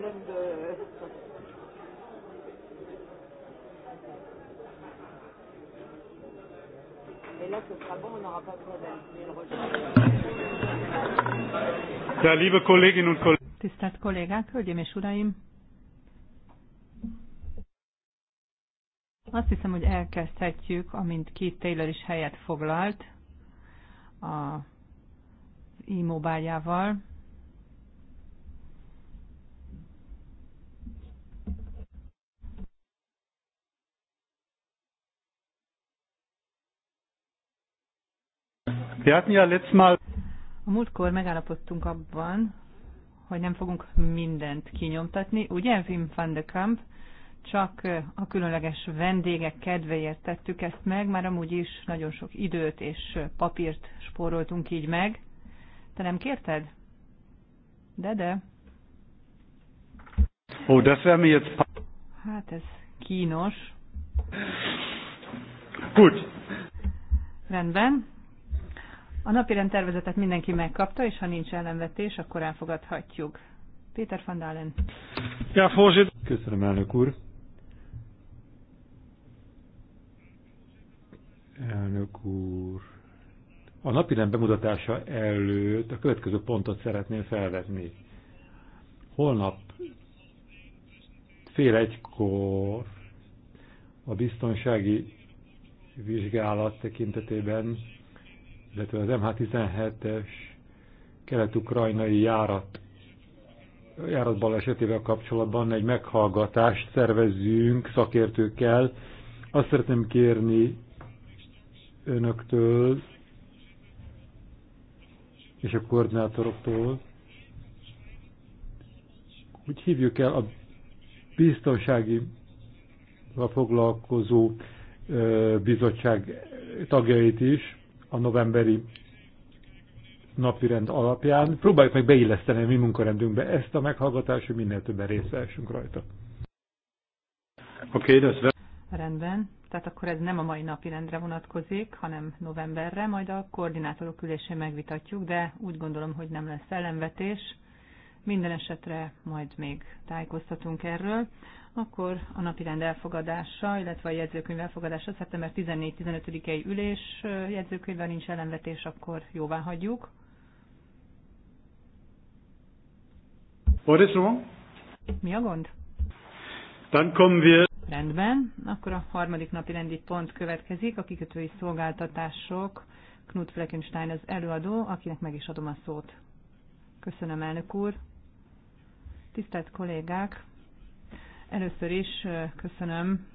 problème de... Ja, liebe Kolleginnen und Kollegen. Tisztelt kollégák, hölgyeim és uraim! Azt hiszem, hogy elkezdhetjük, amint két Taylor is helyet foglalt a e mobiljával. Wir hatten ja letztes Mal a múltkor megállapodtunk abban, hogy nem fogunk mindent kinyomtatni, ugye Wim van de Kamp? Csak a különleges vendégek kedvéért tettük ezt meg, már amúgy is nagyon sok időt és papírt spóroltunk így meg. Te nem kérted? De, de. Ó, de das jetzt... Hát ez kínos. Gut. Rendben, a napirend tervezetet mindenki megkapta, és ha nincs ellenvetés, akkor elfogadhatjuk. Péter van Dalen. Ja, Köszönöm, elnök úr. Elnök úr. A napirend bemutatása előtt a következő pontot szeretném felvetni. Holnap fél egykor a biztonsági vizsgálat tekintetében illetve az MH17-es kelet-ukrajnai járat járatbal esetével kapcsolatban egy meghallgatást szervezzünk szakértőkkel. Azt szeretném kérni önöktől és a koordinátoroktól, hogy hívjuk el a biztonsági a foglalkozó bizottság tagjait is, a novemberi napirend alapján. Próbáljuk meg beilleszteni a mi munkarendünkbe ezt a meghallgatást, hogy minél többen részt vehessünk rajta. Oké, okay, Rendben. Tehát akkor ez nem a mai napi rendre vonatkozik, hanem novemberre, majd a koordinátorok ülésén megvitatjuk, de úgy gondolom, hogy nem lesz ellenvetés. Minden esetre majd még tájékoztatunk erről akkor a napirend elfogadása, illetve a jegyzőkönyv elfogadása szeptember 14-15-i ülés jegyzőkönyvvel nincs ellenvetés, akkor jóvá hagyjuk. What is wrong? Mi a gond? Dann kommen wir Rendben, akkor a harmadik napi rendi pont következik, a kikötői szolgáltatások. Knut Fleckenstein az előadó, akinek meg is adom a szót. Köszönöm, elnök úr. Tisztelt kollégák, Először is köszönöm,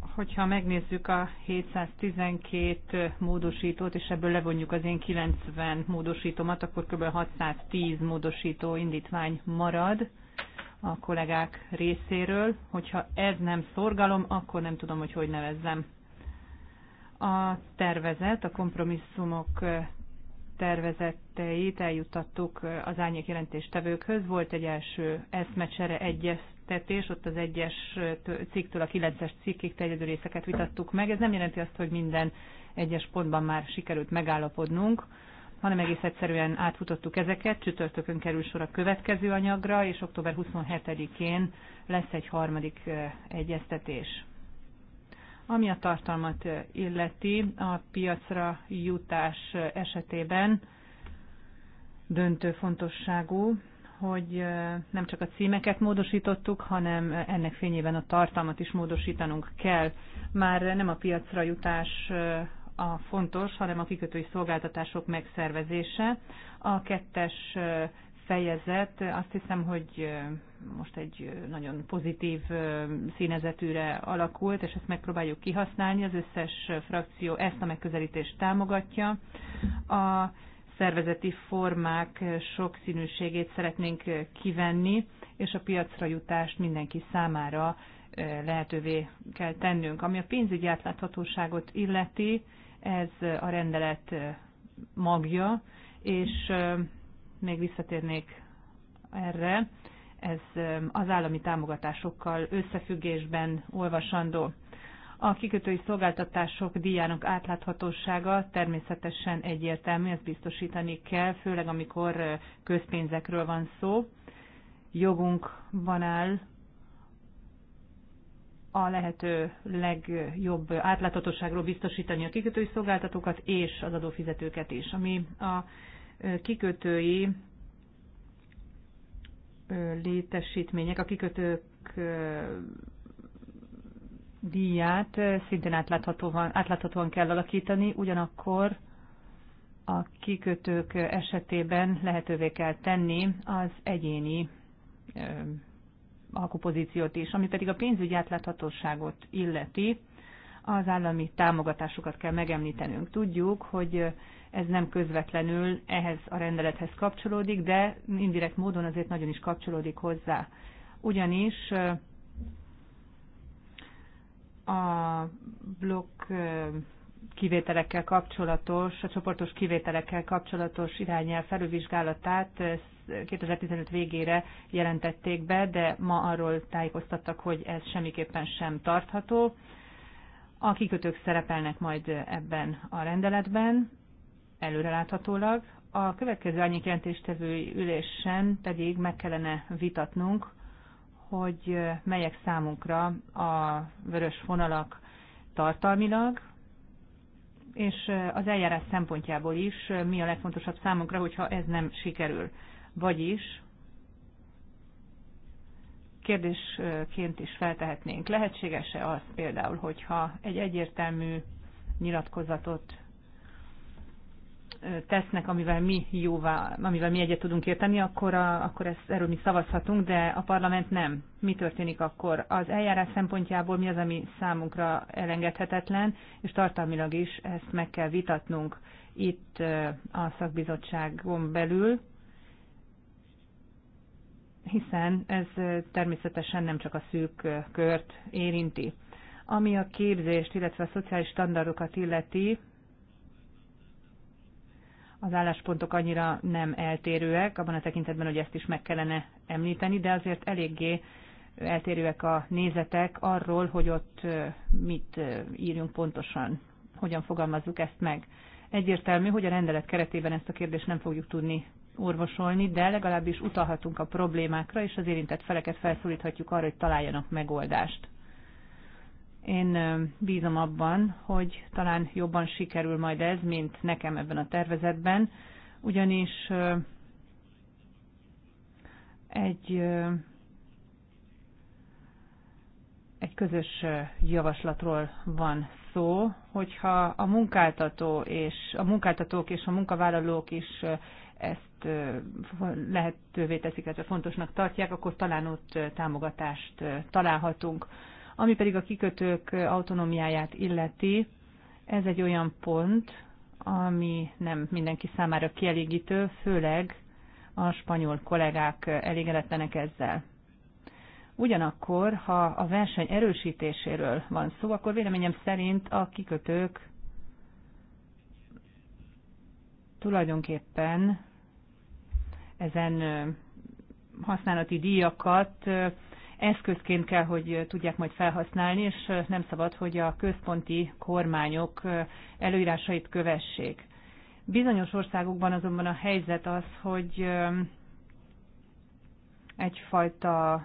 hogyha megnézzük a 712 módosítót, és ebből levonjuk az én 90 módosítomat, akkor kb. 610 módosító indítvány marad a kollégák részéről. Hogyha ez nem szorgalom, akkor nem tudom, hogy hogy nevezzem. A tervezet, a kompromisszumok tervezetteit eljutattuk az árnyék jelentéstevőkhöz. Volt egy első eszmecsere egyeztetés, ott az egyes cikktől a kilences cikkig terjedő részeket vitattuk meg. Ez nem jelenti azt, hogy minden egyes pontban már sikerült megállapodnunk, hanem egész egyszerűen átfutottuk ezeket. Csütörtökön kerül sor a következő anyagra, és október 27-én lesz egy harmadik eh, egyeztetés. Ami a tartalmat illeti, a piacra jutás esetében döntő fontosságú, hogy nem csak a címeket módosítottuk, hanem ennek fényében a tartalmat is módosítanunk kell. Már nem a piacra jutás a fontos, hanem a kikötői szolgáltatások megszervezése. A kettes fejezet azt hiszem, hogy most egy nagyon pozitív színezetűre alakult, és ezt megpróbáljuk kihasználni. Az összes frakció ezt a megközelítést támogatja. A szervezeti formák sokszínűségét szeretnénk kivenni, és a piacra jutást mindenki számára lehetővé kell tennünk. Ami a pénzügyi átláthatóságot illeti, ez a rendelet magja, és még visszatérnék erre, ez um, az állami támogatásokkal összefüggésben olvasandó. A kikötői szolgáltatások díjának átláthatósága természetesen egyértelmű, ezt biztosítani kell, főleg amikor uh, közpénzekről van szó. Jogunk van áll a lehető legjobb átláthatóságról biztosítani a kikötői szolgáltatókat és az adófizetőket is. Ami a kikötői létesítmények, a kikötők díját szintén átláthatóan, átláthatóan kell alakítani, ugyanakkor a kikötők esetében lehetővé kell tenni az egyéni alkupozíciót is. Ami pedig a pénzügyi átláthatóságot illeti, az állami támogatásokat kell megemlítenünk. Tudjuk, hogy ez nem közvetlenül ehhez a rendelethez kapcsolódik, de indirekt módon azért nagyon is kapcsolódik hozzá. Ugyanis a blokk kivételekkel kapcsolatos, a csoportos kivételekkel kapcsolatos irányel felülvizsgálatát 2015 végére jelentették be, de ma arról tájékoztattak, hogy ez semmiképpen sem tartható. A kikötők szerepelnek majd ebben a rendeletben, előreláthatólag. A következő árnyék jelentéstevői ülésen pedig meg kellene vitatnunk, hogy melyek számunkra a vörös vonalak tartalmilag, és az eljárás szempontjából is mi a legfontosabb számunkra, hogyha ez nem sikerül. Vagyis kérdésként is feltehetnénk. Lehetséges-e az például, hogyha egy egyértelmű nyilatkozatot tesznek, amivel mi jóvá, amivel mi egyet tudunk érteni, akkor, a, akkor ezt, erről mi szavazhatunk, de a parlament nem. Mi történik akkor? Az eljárás szempontjából mi az, ami számunkra elengedhetetlen, és tartalmilag is ezt meg kell vitatnunk itt a szakbizottságon belül, hiszen ez természetesen nem csak a szűk kört érinti. Ami a képzést, illetve a szociális standardokat illeti, az álláspontok annyira nem eltérőek, abban a tekintetben, hogy ezt is meg kellene említeni, de azért eléggé eltérőek a nézetek arról, hogy ott mit írjunk pontosan, hogyan fogalmazzuk ezt meg. Egyértelmű, hogy a rendelet keretében ezt a kérdést nem fogjuk tudni orvosolni, de legalábbis utalhatunk a problémákra, és az érintett feleket felszólíthatjuk arra, hogy találjanak megoldást. Én bízom abban, hogy talán jobban sikerül majd ez, mint nekem ebben a tervezetben, ugyanis egy, egy közös javaslatról van szó, hogyha a munkáltató és a munkáltatók és a munkavállalók is ezt lehetővé teszik, illetve fontosnak tartják, akkor talán ott támogatást találhatunk. Ami pedig a kikötők autonómiáját illeti, ez egy olyan pont, ami nem mindenki számára kielégítő, főleg a spanyol kollégák elégedetlenek ezzel. Ugyanakkor, ha a verseny erősítéséről van szó, akkor véleményem szerint a kikötők tulajdonképpen ezen használati díjakat eszközként kell, hogy tudják majd felhasználni, és nem szabad, hogy a központi kormányok előírásait kövessék. Bizonyos országokban azonban a helyzet az, hogy um, egyfajta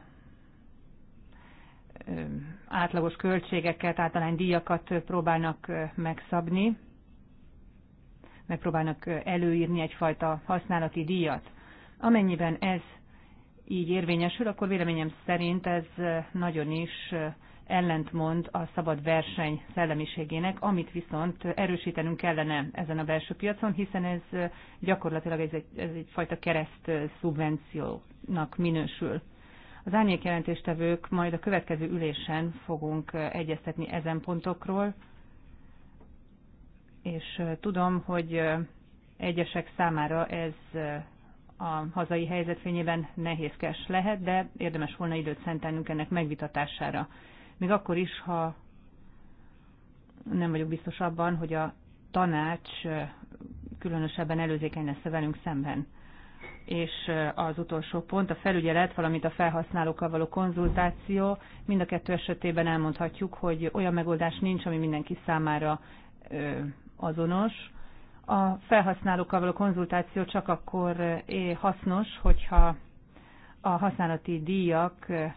um, átlagos költségeket, általán díjakat próbálnak uh, megszabni, megpróbálnak uh, előírni egyfajta használati díjat. Amennyiben ez így érvényesül, akkor véleményem szerint ez nagyon is ellentmond a szabad verseny szellemiségének, amit viszont erősítenünk kellene ezen a belső piacon, hiszen ez gyakorlatilag ez egy, ez egyfajta kereszt szubvenciónak minősül. Az jelentéstevők majd a következő ülésen fogunk egyeztetni ezen pontokról, és tudom, hogy egyesek számára ez a hazai helyzet fényében nehézkes lehet, de érdemes volna időt szentelnünk ennek megvitatására. Még akkor is, ha nem vagyok biztos abban, hogy a tanács különösebben előzékeny lesz velünk szemben. És az utolsó pont, a felügyelet, valamint a felhasználókkal való konzultáció, mind a kettő esetében elmondhatjuk, hogy olyan megoldás nincs, ami mindenki számára azonos a felhasználókkal való konzultáció csak akkor eh, hasznos, hogyha a használati díjak eh,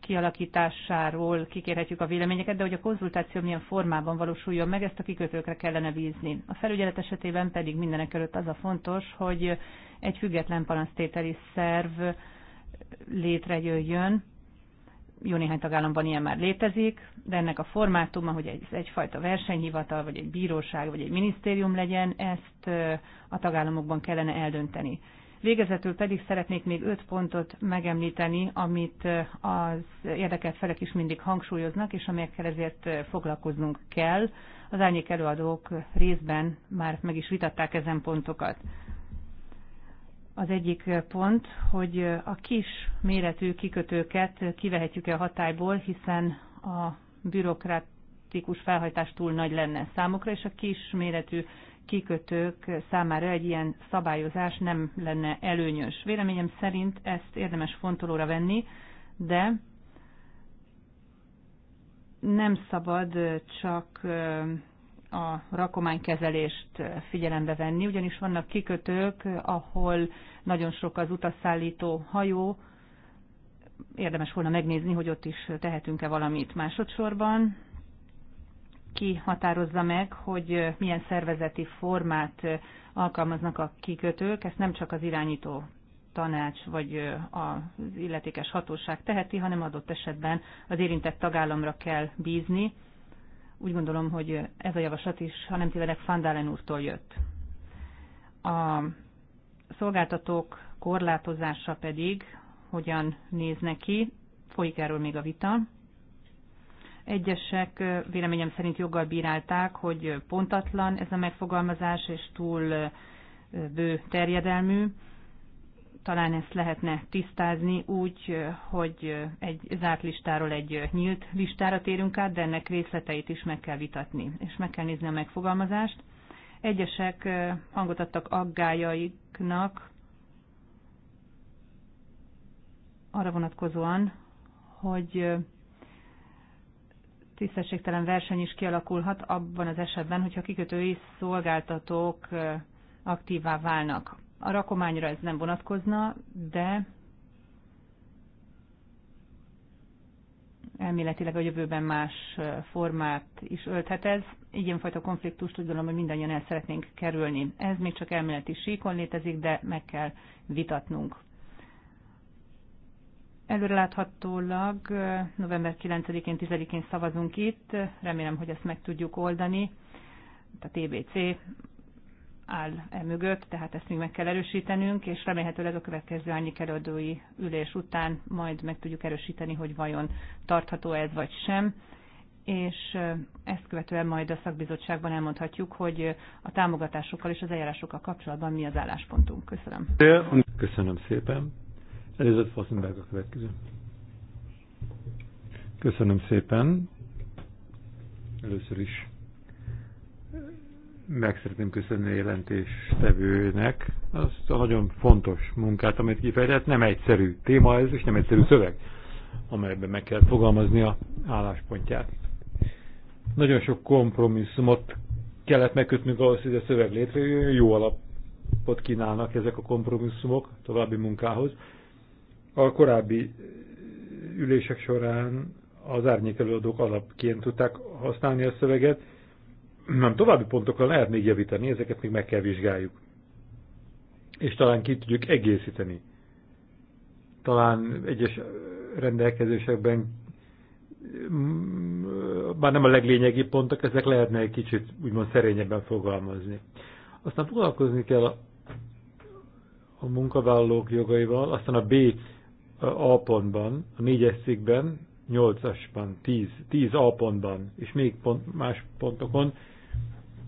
kialakításáról kikérhetjük a véleményeket, de hogy a konzultáció milyen formában valósuljon meg, ezt a kikötőkre kellene bízni. A felügyelet esetében pedig mindenek előtt az a fontos, hogy egy független panasztételi szerv létrejöjjön, jó néhány tagállamban ilyen már létezik, de ennek a formátuma, hogy egy, egyfajta versenyhivatal, vagy egy bíróság, vagy egy minisztérium legyen, ezt a tagállamokban kellene eldönteni. Végezetül pedig szeretnék még öt pontot megemlíteni, amit az érdekelt felek is mindig hangsúlyoznak, és amelyekkel ezért foglalkoznunk kell. Az árnyék előadók részben már meg is vitatták ezen pontokat. Az egyik pont, hogy a kis méretű kikötőket kivehetjük-e a hatályból, hiszen a bürokratikus felhajtás túl nagy lenne számukra, és a kis méretű kikötők számára egy ilyen szabályozás nem lenne előnyös. Véleményem szerint ezt érdemes fontolóra venni, de nem szabad csak a rakománykezelést figyelembe venni, ugyanis vannak kikötők, ahol nagyon sok az utasszállító hajó, érdemes volna megnézni, hogy ott is tehetünk-e valamit. Másodszorban ki határozza meg, hogy milyen szervezeti formát alkalmaznak a kikötők, ezt nem csak az irányító tanács vagy az illetékes hatóság teheti, hanem adott esetben az érintett tagállamra kell bízni, úgy gondolom, hogy ez a javaslat is, ha nem tévedek, Fandalen úrtól jött. A szolgáltatók korlátozása pedig hogyan néz neki, folyik erről még a vita. Egyesek véleményem szerint joggal bírálták, hogy pontatlan ez a megfogalmazás, és túl bő terjedelmű talán ezt lehetne tisztázni úgy, hogy egy zárt listáról egy nyílt listára térünk át, de ennek részleteit is meg kell vitatni, és meg kell nézni a megfogalmazást. Egyesek hangot adtak aggájaiknak arra vonatkozóan, hogy tisztességtelen verseny is kialakulhat abban az esetben, hogyha kikötői szolgáltatók aktívá válnak. A rakományra ez nem vonatkozna, de elméletileg a jövőben más formát is ölthet ez. Ilyenfajta konfliktust úgy gondolom, hogy mindannyian el szeretnénk kerülni. Ez még csak elméleti síkon létezik, de meg kell vitatnunk. Előreláthatólag november 9-én, 10-én szavazunk itt. Remélem, hogy ezt meg tudjuk oldani. A TBC áll e mögött, tehát ezt még meg kell erősítenünk, és remélhetőleg a következő annyi kerüldői ülés után majd meg tudjuk erősíteni, hogy vajon tartható ez vagy sem és ezt követően majd a szakbizottságban elmondhatjuk, hogy a támogatásokkal és az eljárásokkal kapcsolatban mi az álláspontunk. Köszönöm. Köszönöm szépen. Elizabeth Fassenberg a következő. Köszönöm szépen. Először is meg szeretném köszönni a jelentéstevőnek azt a nagyon fontos munkát, amit kifejtett. Nem egyszerű téma ez, és nem egyszerű szöveg, amelyben meg kell fogalmazni a álláspontját. Nagyon sok kompromisszumot kellett megkötnünk ahhoz, hogy a szöveg létrejön, jó alapot kínálnak ezek a kompromisszumok további munkához. A korábbi ülések során az árnyékelőadók alapként tudták használni a szöveget, nem további pontokon lehet még javítani, ezeket még meg kell vizsgáljuk. És talán ki tudjuk egészíteni. Talán egyes rendelkezésekben mm, bár nem a leglényegi pontok, ezek lehetne egy kicsit úgymond szerényebben fogalmazni. Aztán foglalkozni kell a, a munkavállalók jogaival, aztán a B a pontban, a négyes cikkben 8-asban, 10, 10 A pontban és még pont, más pontokon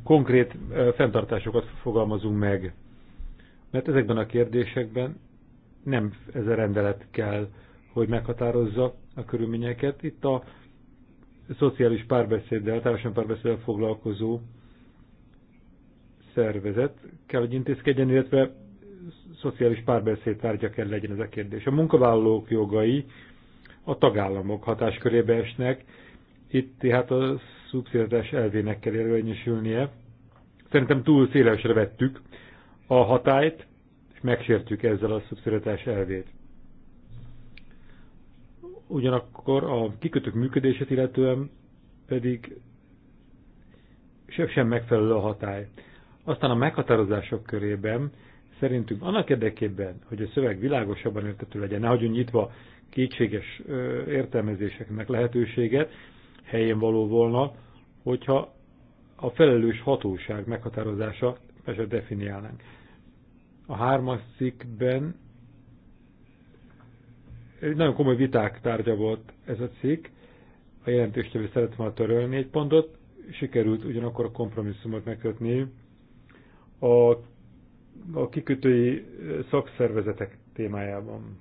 konkrét fenntartásokat fogalmazunk meg. Mert ezekben a kérdésekben nem ez a rendelet kell, hogy meghatározza a körülményeket. Itt a szociális párbeszéddel, társadalmi párbeszéddel foglalkozó szervezet kell, hogy intézkedjen, illetve szociális párbeszéd tárgya kell legyen ez a kérdés. A munkavállalók jogai a tagállamok hatáskörébe esnek, itt tehát a szubszidatás elvének kell érvényesülnie. Szerintem túl szélesre vettük a hatályt, és megsértjük ezzel a szubszidatás elvét. Ugyanakkor a kikötők működését illetően pedig sem, megfelelő a hatály. Aztán a meghatározások körében szerintünk annak érdekében, hogy a szöveg világosabban értető legyen, nehogy nyitva kétséges értelmezéseknek lehetőséget, helyén való volna, hogyha a felelős hatóság meghatározása eset definiálnánk. A hármas cikkben egy nagyon komoly viták tárgya volt ez a cikk, a jelentéstevő szeretett volna törölni egy pontot, sikerült ugyanakkor a kompromisszumot megkötni a, a kikötői szakszervezetek témájában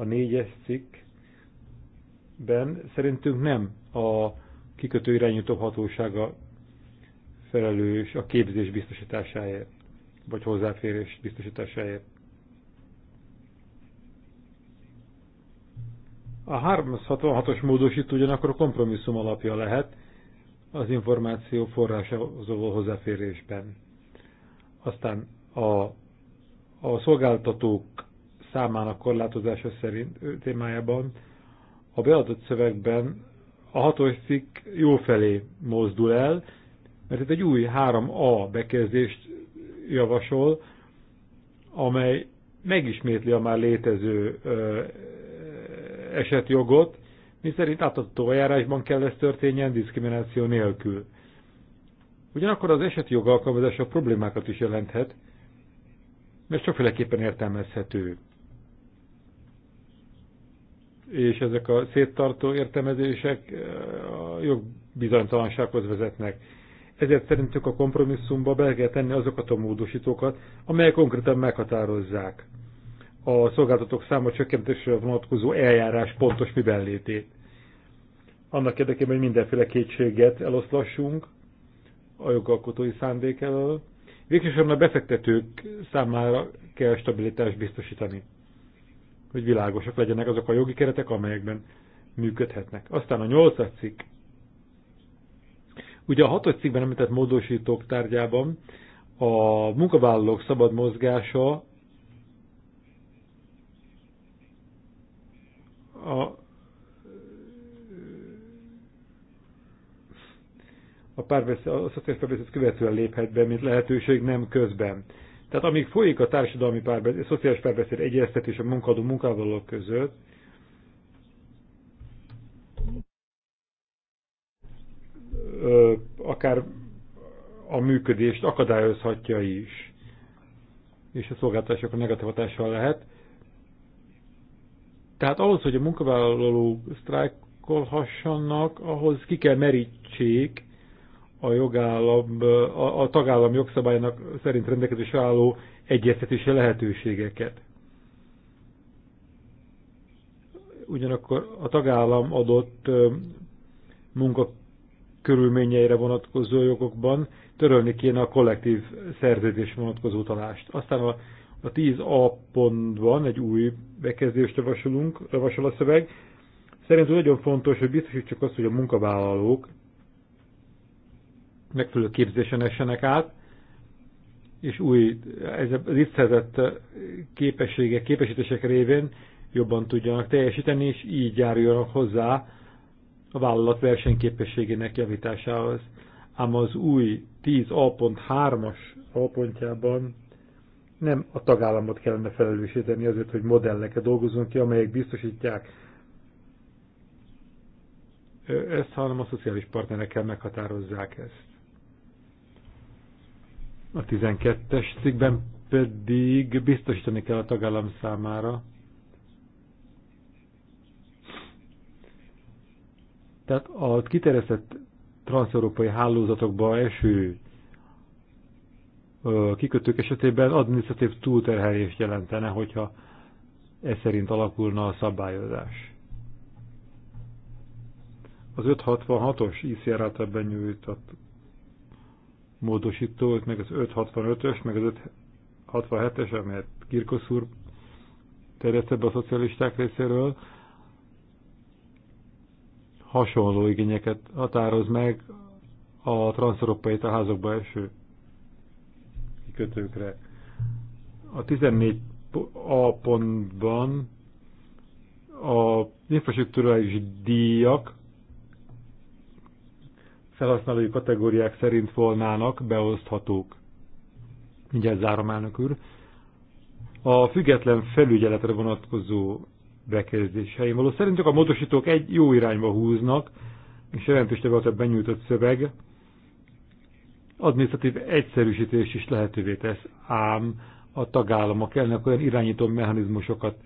a négyes cikkben szerintünk nem a kikötő irányító hatósága felelős a képzés biztosításáért, vagy hozzáférés biztosításáért. A 366-os módosító ugyanakkor a kompromisszum alapja lehet az információ forrásához való hozzáférésben. Aztán a, a szolgáltatók számának korlátozása szerint témájában a beadott szövegben a hatos cikk jó felé mozdul el, mert itt egy új 3A bekezdést javasol, amely megismétli a már létező ö, esetjogot, szerint átadható eljárásban kell ez történjen diszkrimináció nélkül. Ugyanakkor az esetjog alkalmazása problémákat is jelenthet, mert sokféleképpen értelmezhető és ezek a széttartó értelmezések eh, a jogbizonytalansághoz vezetnek. Ezért szerintük a kompromisszumba be kell tenni azokat a módosítókat, amelyek konkrétan meghatározzák a szolgáltatók száma csökkentésre vonatkozó eljárás pontos miben létét. Annak érdekében, hogy mindenféle kétséget eloszlassunk a jogalkotói szándék elől, végsősorban a befektetők számára kell stabilitást biztosítani hogy világosak legyenek azok a jogi keretek, amelyekben működhetnek. Aztán a nyolcas cikk. Ugye a hatos cikkben említett módosítók tárgyában a munkavállalók szabad mozgása a, a, párbeszéd, a szociális párbeszéd követően léphet be, mint lehetőség, nem közben. Tehát amíg folyik a társadalmi párbeszéd, a szociális párbeszéd egyeztetés a munkadó munkavállalók között, akár a működést akadályozhatja is, és a a negatív hatással lehet. Tehát ahhoz, hogy a munkavállalók sztrájkolhassanak, ahhoz ki kell merítsék a jogállam, a, a tagállam jogszabályának szerint rendelkezés álló egyeztetési lehetőségeket. Ugyanakkor a tagállam adott munkakörülményeire vonatkozó jogokban törölni kéne a kollektív szerződés vonatkozó talást. Aztán a, a 10A pontban egy új bekezdést javasolunk, javasol a szöveg. Szerintem nagyon fontos, hogy biztosítsuk azt, hogy a munkavállalók megfelelő képzésen essenek át, és új, ez az itt szerzett képességek, képesítések révén jobban tudjanak teljesíteni, és így járjanak hozzá a vállalat versenyképességének javításához. Ám az új 10 A.3-as alpontjában nem a tagállamot kellene felelősíteni azért, hogy modelleket dolgozunk ki, amelyek biztosítják ezt, hanem a szociális partnerekkel meghatározzák ezt. A 12-es cikkben pedig biztosítani kell a tagállam számára, Tehát a kiterjesztett transzeurópai hálózatokba eső kikötők esetében adminisztratív túlterhelést jelentene, hogyha ez szerint alakulna a szabályozás. Az 566-os ICR által benyújtott módosítót, meg az 565-ös, meg az 567-es, amelyet Kirkos úr terjesztett be a szocialisták részéről, hasonló igényeket határoz meg a transzeurópai házokba eső kikötőkre. A 14a pontban a infrastruktúrális díjak felhasználói kategóriák szerint volnának beoszthatók. Mindjárt zárom, elnök úr. A független felügyeletre vonatkozó bekezdéseim való csak a módosítók egy jó irányba húznak, és jelentős volt a benyújtott szöveg. Adminisztratív egyszerűsítés is lehetővé tesz, ám a tagállamok elnek olyan irányító mechanizmusokat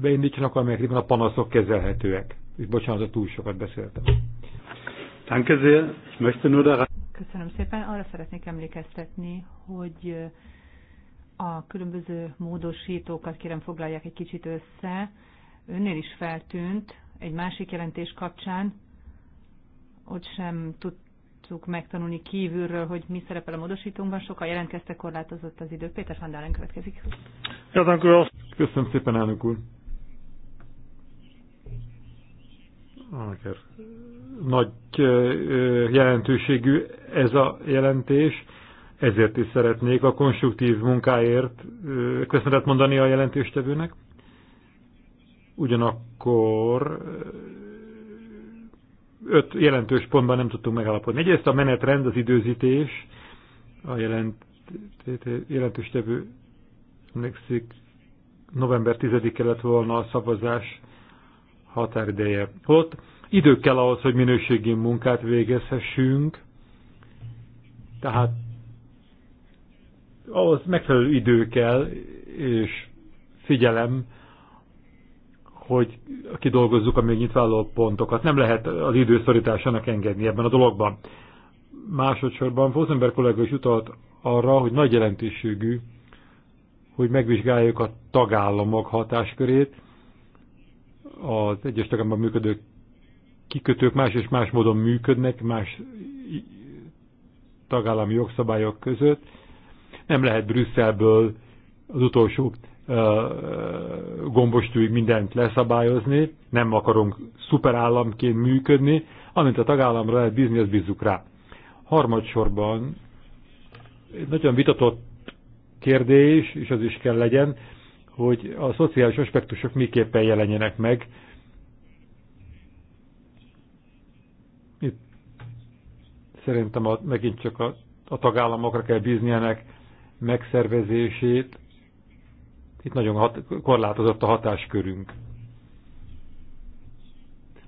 beindítsanak, amelyekben a panaszok kezelhetőek. És bocsánat, túl sokat beszéltem. Danke sehr. Ich möchte nur daran... Köszönöm szépen. Arra szeretnék emlékeztetni, hogy a különböző módosítókat kérem foglalják egy kicsit össze. Önnél is feltűnt egy másik jelentés kapcsán, ott sem tudtuk megtanulni kívülről, hogy mi szerepel a módosítónkban. Sokan jelentkeztek, korlátozott az idő. Péter Fandálen következik. Ja, Köszönöm szépen, elnök úr. Anaker nagy jelentőségű ez a jelentés, ezért is szeretnék a konstruktív munkáért köszönetet mondani a jelentéstevőnek. Ugyanakkor öt jelentős pontban nem tudtunk megállapodni. Egyrészt a menetrend, az időzítés, a jelent, jelentőstevő emlékszik, november 10-e lett volna a szavazás határideje. Holott idő kell ahhoz, hogy minőségi munkát végezhessünk, tehát ahhoz megfelelő idő kell, és figyelem, hogy kidolgozzuk a még nyitváló pontokat. Nem lehet az időszorításának engedni ebben a dologban. Másodszorban Fosember kollega is utalt arra, hogy nagy jelentőségű, hogy megvizsgáljuk a tagállamok hatáskörét, az egyes tagállamban működő kikötők más és más módon működnek, más tagállami jogszabályok között. Nem lehet Brüsszelből az utolsó gombostűig mindent leszabályozni, nem akarunk szuperállamként működni, amint a tagállamra lehet bízni, azt bízzuk rá. Harmadsorban egy nagyon vitatott kérdés, és az is kell legyen, hogy a szociális aspektusok miképpen jelenjenek meg. Itt szerintem a, megint csak a, a tagállamokra kell bíznienek megszervezését. Itt nagyon hat, korlátozott a hatáskörünk.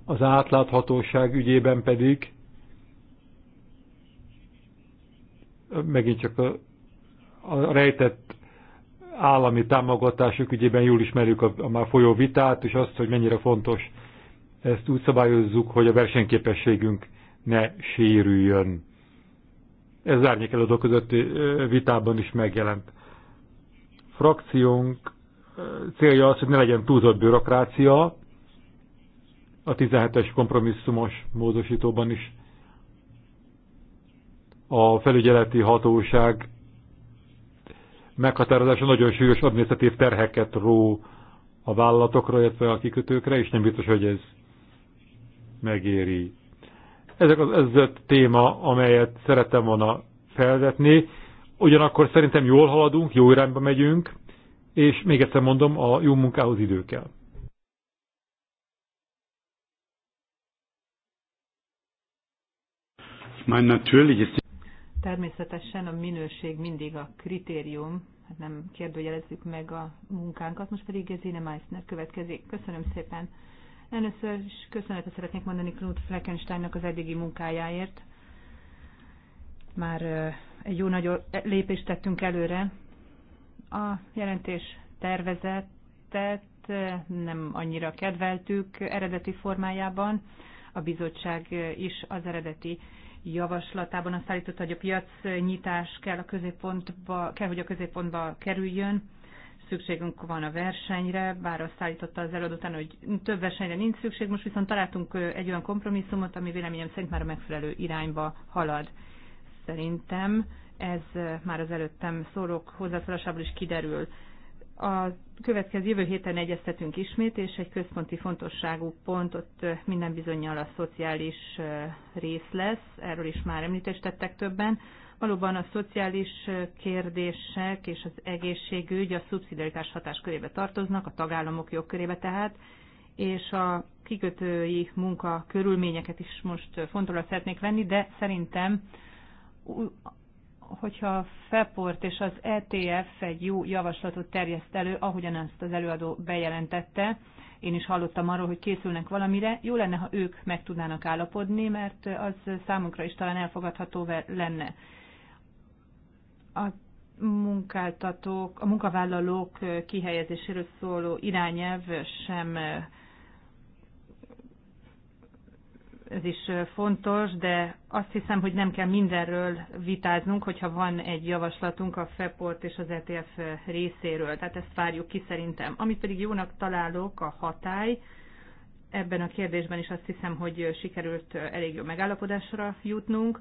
Az átláthatóság ügyében pedig megint csak a, a rejtett állami támogatások ügyében jól ismerjük a, a már folyó vitát, és azt, hogy mennyire fontos ezt úgy szabályozzuk, hogy a versenyképességünk ne sérüljön. Ez a közötti vitában is megjelent. Frakciónk célja az, hogy ne legyen túlzott bürokrácia, a 17-es kompromisszumos módosítóban is a felügyeleti hatóság meghatározása nagyon súlyos adminisztratív terheket ró a vállalatokra, illetve a kikötőkre, és nem biztos, hogy ez megéri. Ezek az, ez a téma, amelyet szerettem volna felvetni. Ugyanakkor szerintem jól haladunk, jó irányba megyünk, és még egyszer mondom, a jó munkához idő kell. Ich meine, natürlich ist Természetesen a minőség mindig a kritérium, hát nem kérdőjelezzük meg a munkánkat, most pedig Gezine Meissner következik. Köszönöm szépen. Először is köszönetet szeretnék mondani Knut Fleckensteinnak az eddigi munkájáért. Már egy jó nagy lépést tettünk előre. A jelentés tervezetet nem annyira kedveltük eredeti formájában. A bizottság is az eredeti javaslatában azt állította, hogy a piacnyitás kell, a középpontba, kell, hogy a középpontba kerüljön. Szükségünk van a versenyre, bár azt állította az előadó után, hogy több versenyre nincs szükség, most viszont találtunk egy olyan kompromisszumot, ami véleményem szerint már a megfelelő irányba halad. Szerintem ez már az előttem szólók hozzászólásából is kiderül. A következő jövő héten egyeztetünk ismét, és egy központi fontosságú pont ott minden bizonyal a szociális rész lesz, erről is már említést tettek többen. Valóban a szociális kérdések és az egészségügy a szubszidiaritás hatáskörébe tartoznak, a tagállamok jogkörébe tehát, és a kikötői munka körülményeket is most fontosra szeretnék venni, de szerintem hogyha a FEPORT és az ETF egy jó javaslatot terjeszt elő, ahogyan ezt az előadó bejelentette, én is hallottam arról, hogy készülnek valamire, jó lenne, ha ők meg tudnának állapodni, mert az számunkra is talán elfogadható lenne. A munkáltatók, a munkavállalók kihelyezéséről szóló irányelv sem ez is fontos, de azt hiszem, hogy nem kell mindenről vitáznunk, hogyha van egy javaslatunk a FEPORT és az ETF részéről. Tehát ezt várjuk ki szerintem. Amit pedig jónak találok, a hatály. Ebben a kérdésben is azt hiszem, hogy sikerült elég jó megállapodásra jutnunk.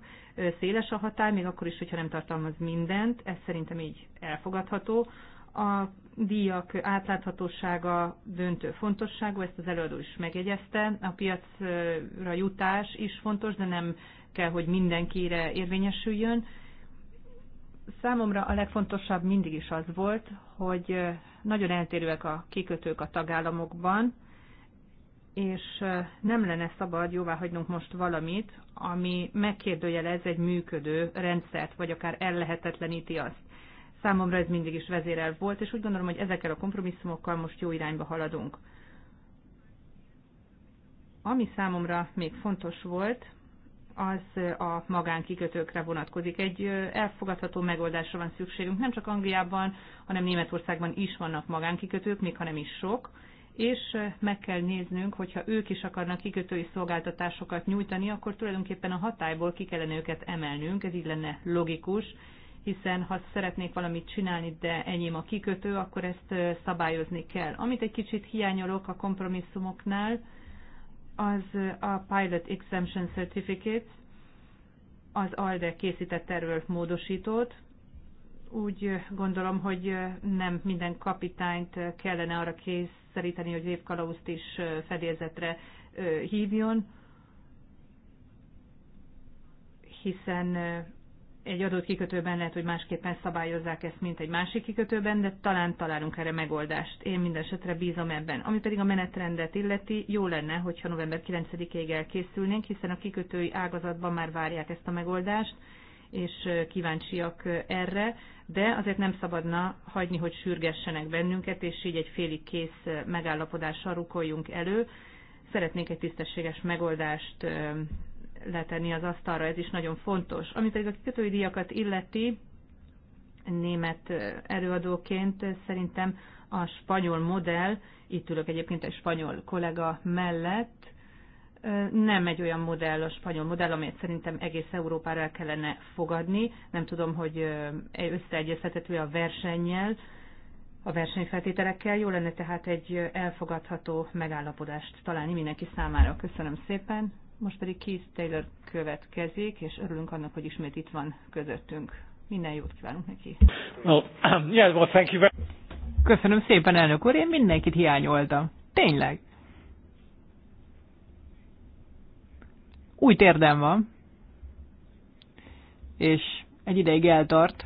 Széles a hatály, még akkor is, hogyha nem tartalmaz mindent. Ez szerintem így elfogadható. A díjak átláthatósága döntő fontosságú, ezt az előadó is megjegyezte. A piacra jutás is fontos, de nem kell, hogy mindenkire érvényesüljön. Számomra a legfontosabb mindig is az volt, hogy nagyon eltérőek a kikötők a tagállamokban, és nem lenne szabad jóvá hagynunk most valamit, ami megkérdőjelez egy működő rendszert, vagy akár ellehetetleníti azt. Számomra ez mindig is vezérel volt, és úgy gondolom, hogy ezekkel a kompromisszumokkal most jó irányba haladunk. Ami számomra még fontos volt, az a magánkikötőkre vonatkozik. Egy elfogadható megoldásra van szükségünk. Nem csak Angliában, hanem Németországban is vannak magánkikötők, még ha nem is sok, és meg kell néznünk, hogyha ők is akarnak kikötői szolgáltatásokat nyújtani, akkor tulajdonképpen a hatályból ki kellene őket emelnünk, ez így lenne logikus, hiszen ha szeretnék valamit csinálni, de enyém a kikötő, akkor ezt szabályozni kell. Amit egy kicsit hiányolok a kompromisszumoknál, az a Pilot Exemption Certificate, az ALDE készített erről módosítót. Úgy gondolom, hogy nem minden kapitányt kellene arra kényszeríteni, hogy évkalauzt is fedélzetre hívjon, hiszen egy adott kikötőben lehet, hogy másképpen szabályozzák ezt, mint egy másik kikötőben, de talán találunk erre megoldást. Én minden esetre bízom ebben. Ami pedig a menetrendet illeti, jó lenne, hogyha november 9-ig elkészülnénk, hiszen a kikötői ágazatban már várják ezt a megoldást, és kíváncsiak erre, de azért nem szabadna hagyni, hogy sürgessenek bennünket, és így egy félig kész megállapodással rukoljunk elő. Szeretnénk egy tisztességes megoldást letenni az asztalra, ez is nagyon fontos. Ami pedig a kikötői díjakat illeti, német előadóként szerintem a spanyol modell, itt ülök egyébként egy spanyol kollega mellett, nem egy olyan modell, a spanyol modell, amelyet szerintem egész Európára el kellene fogadni. Nem tudom, hogy e- összeegyeztethető a versennyel, a versenyfeltételekkel. Jó lenne tehát egy elfogadható megállapodást találni mindenki számára. Köszönöm szépen. Most pedig Keith Taylor következik, és örülünk annak, hogy ismét itt van közöttünk. Minden jót kívánunk neki. Well, um, yeah, well, thank you very... Köszönöm szépen, elnök úr, én mindenkit hiányoltam. Tényleg. Új térdem van, és egy ideig eltart,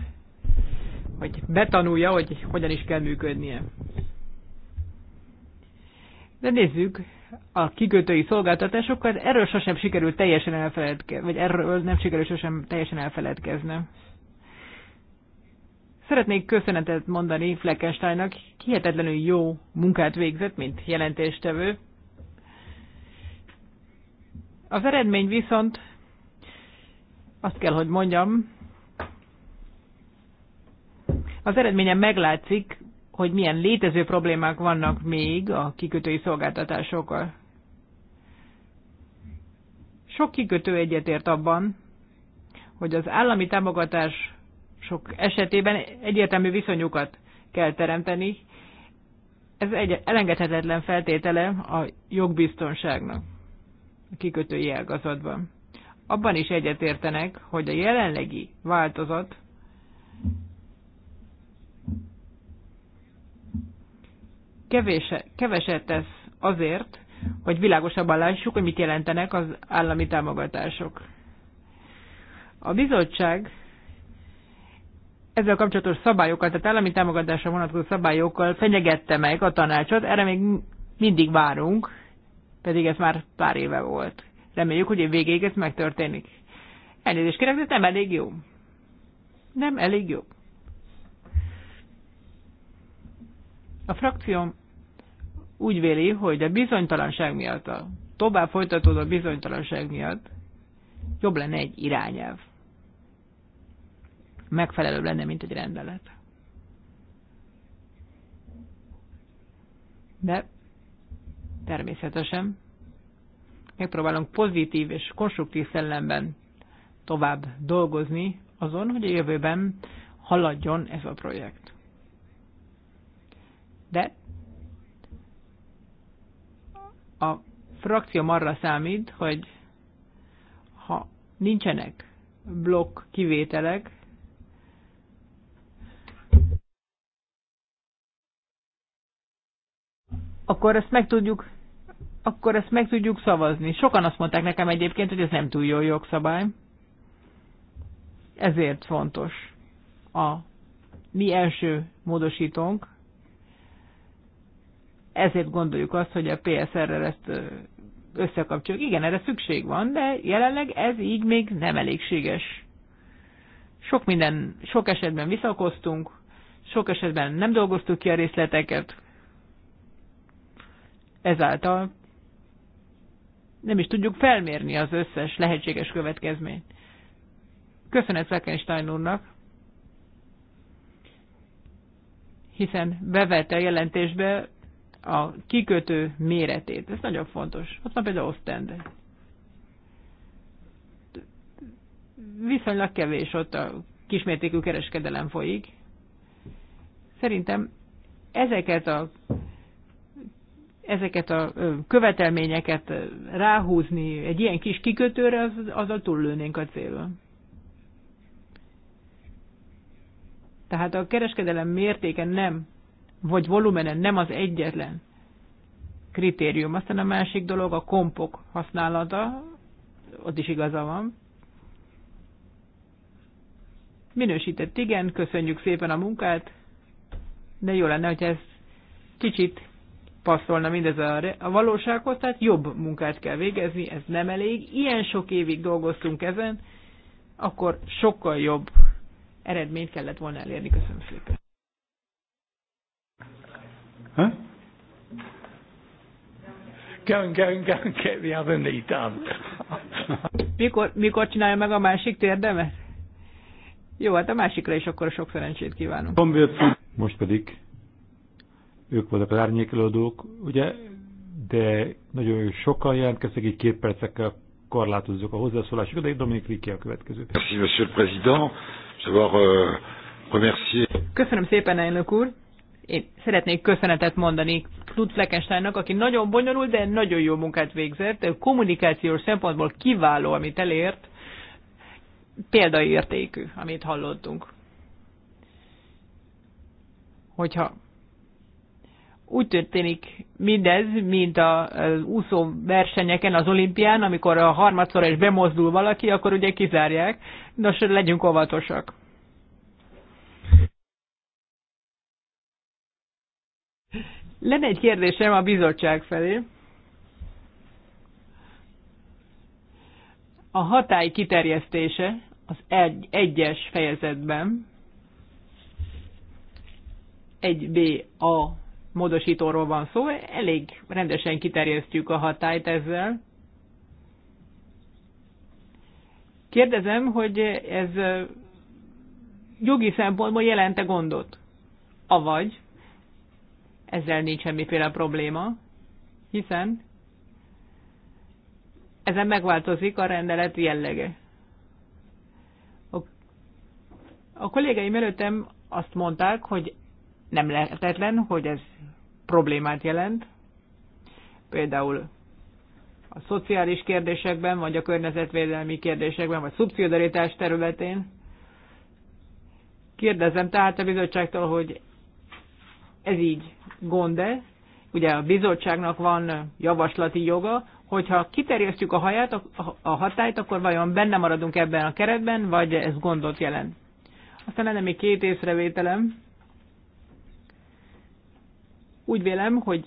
hogy betanulja, hogy hogyan is kell működnie. De nézzük, a kikötői szolgáltatásokat, erről sosem sikerült teljesen elfeledkezni, vagy erről nem sikerült sosem teljesen elfeledkezni. Szeretnék köszönetet mondani Fleckensteinnak, hihetetlenül jó munkát végzett, mint jelentéstevő. Az eredmény viszont, azt kell, hogy mondjam, az eredményen meglátszik, hogy milyen létező problémák vannak még a kikötői szolgáltatásokkal. Sok kikötő egyetért abban, hogy az állami támogatás sok esetében egyértelmű viszonyukat kell teremteni. Ez egy elengedhetetlen feltétele a jogbiztonságnak a kikötői ágazatban. Abban is egyetértenek, hogy a jelenlegi változat kevés, keveset tesz azért, hogy világosabban lássuk, hogy mit jelentenek az állami támogatások. A bizottság ezzel kapcsolatos szabályokkal, tehát állami támogatásra vonatkozó szabályokkal fenyegette meg a tanácsot, erre még mindig várunk, pedig ez már pár éve volt. Reméljük, hogy végéig ez megtörténik. Elnézést kérek, de nem elég jó. Nem elég jó. A frakcióm úgy véli, hogy a bizonytalanság miatt, a tovább folytatódó bizonytalanság miatt jobb lenne egy irányelv. Megfelelőbb lenne, mint egy rendelet. De természetesen megpróbálunk pozitív és konstruktív szellemben tovább dolgozni azon, hogy a jövőben haladjon ez a projekt de a frakció arra számít, hogy ha nincsenek blokk kivételek, akkor ezt meg tudjuk akkor ezt meg tudjuk szavazni. Sokan azt mondták nekem egyébként, hogy ez nem túl jó jogszabály. Ezért fontos a mi első módosítónk, ezért gondoljuk azt, hogy a PSR-rel ezt összekapcsoljuk. Igen, erre szükség van, de jelenleg ez így még nem elégséges. Sok minden, sok esetben visszakoztunk, sok esetben nem dolgoztuk ki a részleteket, ezáltal nem is tudjuk felmérni az összes lehetséges következményt. Köszönet Fleckenstein úrnak, hiszen bevette a jelentésbe a kikötő méretét. Ez nagyon fontos. Ott van például Osztend. Viszonylag kevés ott a kismértékű kereskedelem folyik. Szerintem ezeket a ezeket a követelményeket ráhúzni egy ilyen kis kikötőre, az, azzal túllőnénk a célon. Tehát a kereskedelem mértéke nem vagy volumenen nem az egyetlen kritérium. Aztán a másik dolog a kompok használata, ott is igaza van. Minősített igen, köszönjük szépen a munkát, de jó lenne, hogy ez kicsit passzolna mindez a, a valósághoz, tehát jobb munkát kell végezni, ez nem elég. Ilyen sok évig dolgoztunk ezen, akkor sokkal jobb eredményt kellett volna elérni. Köszönöm szépen. Huh? Go and go and go and get the other knee done. mikor, mikor csinálja meg a másik térdemet? Jó, hát a másikra is akkor sok szerencsét kívánunk. Most pedig ők voltak az árnyékelődők, ugye, de nagyon sokan jelentkeztek, így két percekkel korlátozzuk a hozzászólásukat, de Dominik Riki a következő. Euh, Köszönöm szépen, elnök úr! Én szeretnék köszönetet mondani Knut Fleckensteinnak, aki nagyon bonyolult, de nagyon jó munkát végzett. Kommunikációs szempontból kiváló, amit elért, példaértékű, amit hallottunk. Hogyha úgy történik mindez, mint az úszó versenyeken, az olimpián, amikor a harmadszor is bemozdul valaki, akkor ugye kizárják. Nos, legyünk óvatosak. Lenne egy kérdésem a bizottság felé. A hatály kiterjesztése az egy, egyes fejezetben egy b a módosítóról van szó, elég rendesen kiterjesztjük a hatályt ezzel. Kérdezem, hogy ez jogi szempontból jelente gondot? Avagy ezzel nincs semmiféle probléma, hiszen ezen megváltozik a rendelet jellege. A, a kollégáim előttem azt mondták, hogy nem lehetetlen, hogy ez problémát jelent, például a szociális kérdésekben, vagy a környezetvédelmi kérdésekben, vagy szubszidaritás területén. Kérdezem tehát a bizottságtól, hogy ez így gond -e? Ugye a bizottságnak van javaslati joga, hogyha kiterjesztjük a, haját, a hatályt, akkor vajon benne maradunk ebben a keretben, vagy ez gondot jelent? Aztán lenne még két észrevételem. Úgy vélem, hogy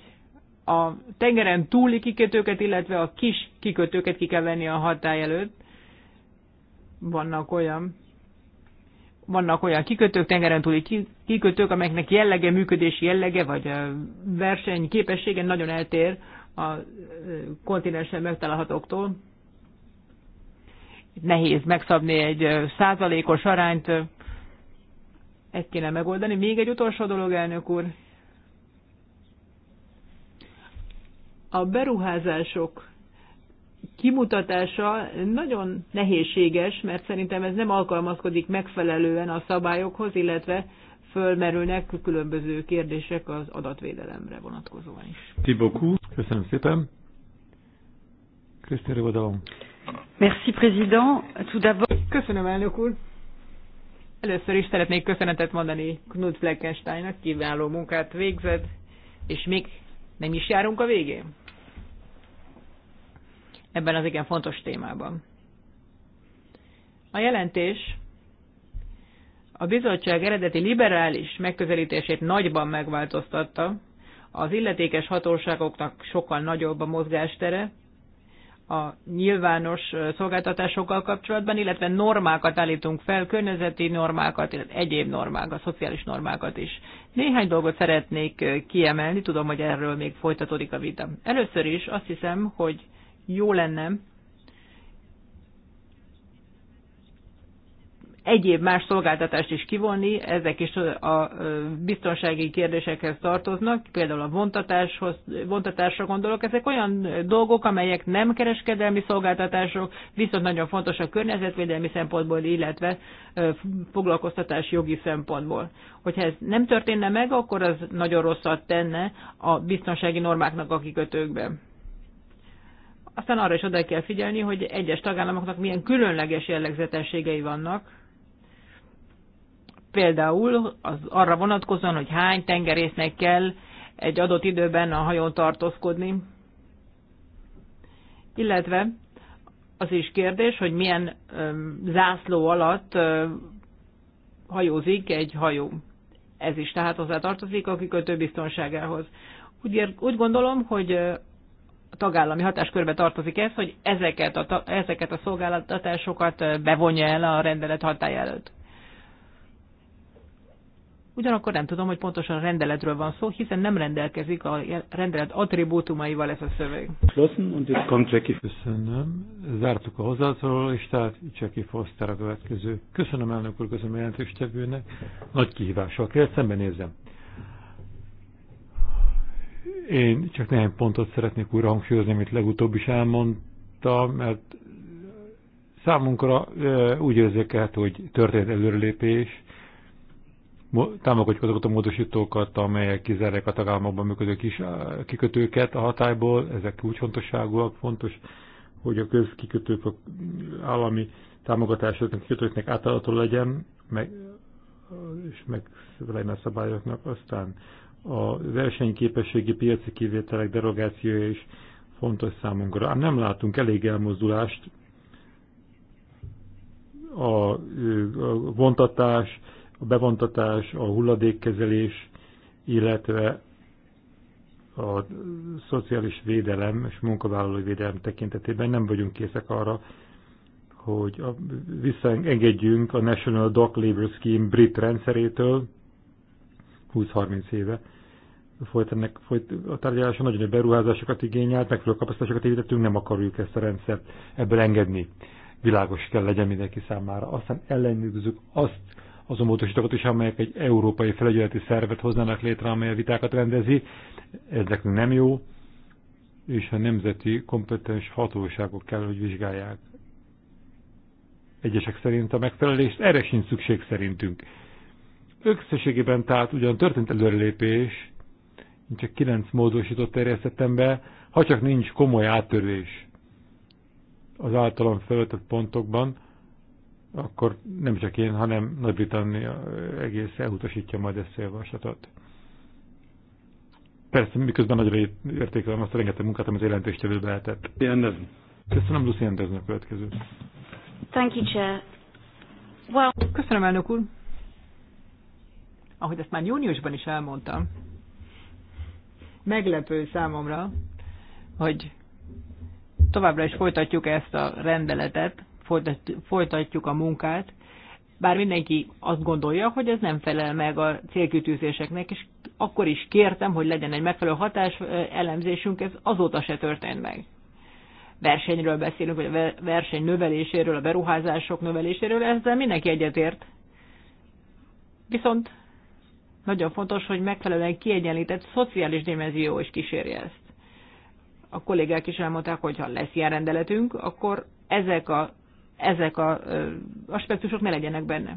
a tengeren túli kikötőket, illetve a kis kikötőket ki kell venni a hatály előtt. Vannak olyan vannak olyan kikötők, tengeren túli kikötők, amelyeknek jellege, működési jellege, vagy verseny képessége nagyon eltér a kontinensen megtalálhatóktól. Nehéz megszabni egy százalékos arányt, ezt kéne megoldani. Még egy utolsó dolog, elnök úr. A beruházások kimutatása nagyon nehézséges, mert szerintem ez nem alkalmazkodik megfelelően a szabályokhoz, illetve fölmerülnek különböző kérdések az adatvédelemre vonatkozóan is. Tiboku, köszönöm szépen. Krisztina Rivodalom. Merci, président. Tout d'abord... Köszönöm, elnök úr. Először is szeretnék köszönetet mondani Knut Fleckensteinnek, kiváló munkát végzett, és még nem is járunk a végén ebben az igen fontos témában. A jelentés a bizottság eredeti liberális megközelítését nagyban megváltoztatta, az illetékes hatóságoknak sokkal nagyobb a mozgástere a nyilvános szolgáltatásokkal kapcsolatban, illetve normákat állítunk fel, környezeti normákat, illetve egyéb normákat, szociális normákat is. Néhány dolgot szeretnék kiemelni, tudom, hogy erről még folytatódik a vita. Először is azt hiszem, hogy jó lenne egyéb más szolgáltatást is kivonni, ezek is a biztonsági kérdésekhez tartoznak, például a vontatáshoz, vontatásra gondolok. Ezek olyan dolgok, amelyek nem kereskedelmi szolgáltatások, viszont nagyon fontos a környezetvédelmi szempontból, illetve foglalkoztatás jogi szempontból. Hogyha ez nem történne meg, akkor az nagyon rosszat tenne a biztonsági normáknak a kikötőkben. Aztán arra is oda kell figyelni, hogy egyes tagállamoknak milyen különleges jellegzetességei vannak. Például az arra vonatkozóan, hogy hány tengerésznek kell egy adott időben a hajón tartózkodni. Illetve az is kérdés, hogy milyen öm, zászló alatt öm, hajózik egy hajó. Ez is tehát hozzá tartozik a kikötő biztonságához. Úgy, úgy gondolom, hogy a tagállami hatáskörbe tartozik ez, hogy ezeket a, ezeket a szolgáltatásokat bevonja el a rendelet hatály előtt. Ugyanakkor nem tudom, hogy pontosan a rendeletről van szó, hiszen nem rendelkezik a rendelet attribútumaival ez a szöveg. Köszönöm. Zártuk a hozzászóló listát, Cseki Foster a következő. Köszönöm elnök úr, köszönöm a jelentéstevőnek. Nagy kihívással kell szembenézem. Én csak néhány pontot szeretnék újra hangsúlyozni, amit legutóbb is elmondta, mert számunkra úgy érzékelhet, hogy történt előrelépés, támogatjuk azokat a módosítókat, amelyek kizárják a tagállamokban működő kis kikötőket a hatályból, ezek kulcsfontosságúak, fontos, hogy a közkikötők, a állami támogatásoknak, kikötőknek átadható legyen, meg, és meg legyen a szabályoknak, aztán a versenyképességi piaci kivételek derogációja is fontos számunkra. Ám nem látunk elég elmozdulást a vontatás, a bevontatás, a hulladékkezelés, illetve a szociális védelem és munkavállalói védelem tekintetében nem vagyunk készek arra, hogy visszaengedjünk a National Dock Labor Scheme brit rendszerétől, 20-30 éve folyt ennek folyt a tárgyalása, nagyon nagy beruházásokat igényelt, megfelelő kapacitásokat építettünk, nem akarjuk ezt a rendszert ebből engedni. Világos kell legyen mindenki számára. Aztán ellenőrizzük azt azon módosítókat is, amelyek egy európai felügyeleti szervet hoznának létre, amely a vitákat rendezi. Ez nekünk nem jó, és a nemzeti kompetens hatóságok kell, hogy vizsgálják. Egyesek szerint a megfelelést, erre sincs szükség szerintünk. Összességében tehát ugyan történt előrelépés, én csak kilenc módosított terjesztettem be, ha csak nincs komoly áttörés az általam felvetett pontokban, akkor nem csak én, hanem Nagy-Britannia egész elutasítja majd ezt a javaslatot. Persze, miközben nagyra értékelem azt a rengeteg munkát, amit jelentéstevő lehetett. Köszönöm, Lucy Anderson a következő. Thank you, Chair. Well... Köszönöm, elnök úr ahogy ezt már júniusban is elmondtam, meglepő számomra, hogy továbbra is folytatjuk ezt a rendeletet, folytatjuk a munkát, bár mindenki azt gondolja, hogy ez nem felel meg a célkütőzéseknek, és akkor is kértem, hogy legyen egy megfelelő hatás elemzésünk, ez azóta se történt meg. Versenyről beszélünk, vagy a verseny növeléséről, a beruházások növeléséről, ezzel mindenki egyetért. Viszont nagyon fontos, hogy megfelelően kiegyenlített szociális dimenzió is kísérje ezt. A kollégák is elmondták, hogy ha lesz ilyen rendeletünk, akkor ezek a, ezek a ö, aspektusok ne legyenek benne.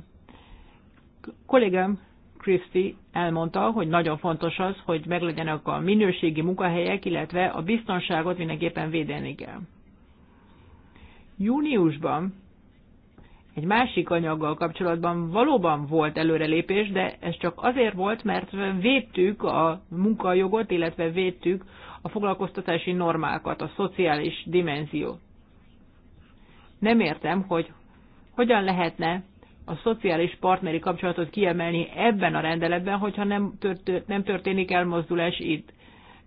A kollégám Christie elmondta, hogy nagyon fontos az, hogy meglegyenek a minőségi munkahelyek, illetve a biztonságot mindenképpen védeni kell. Júniusban egy másik anyaggal kapcsolatban valóban volt előrelépés, de ez csak azért volt, mert védtük a munkajogot, illetve védtük a foglalkoztatási normákat, a szociális dimenzió. Nem értem, hogy hogyan lehetne a szociális partneri kapcsolatot kiemelni ebben a rendeletben, hogyha nem, tört, nem történik elmozdulás itt.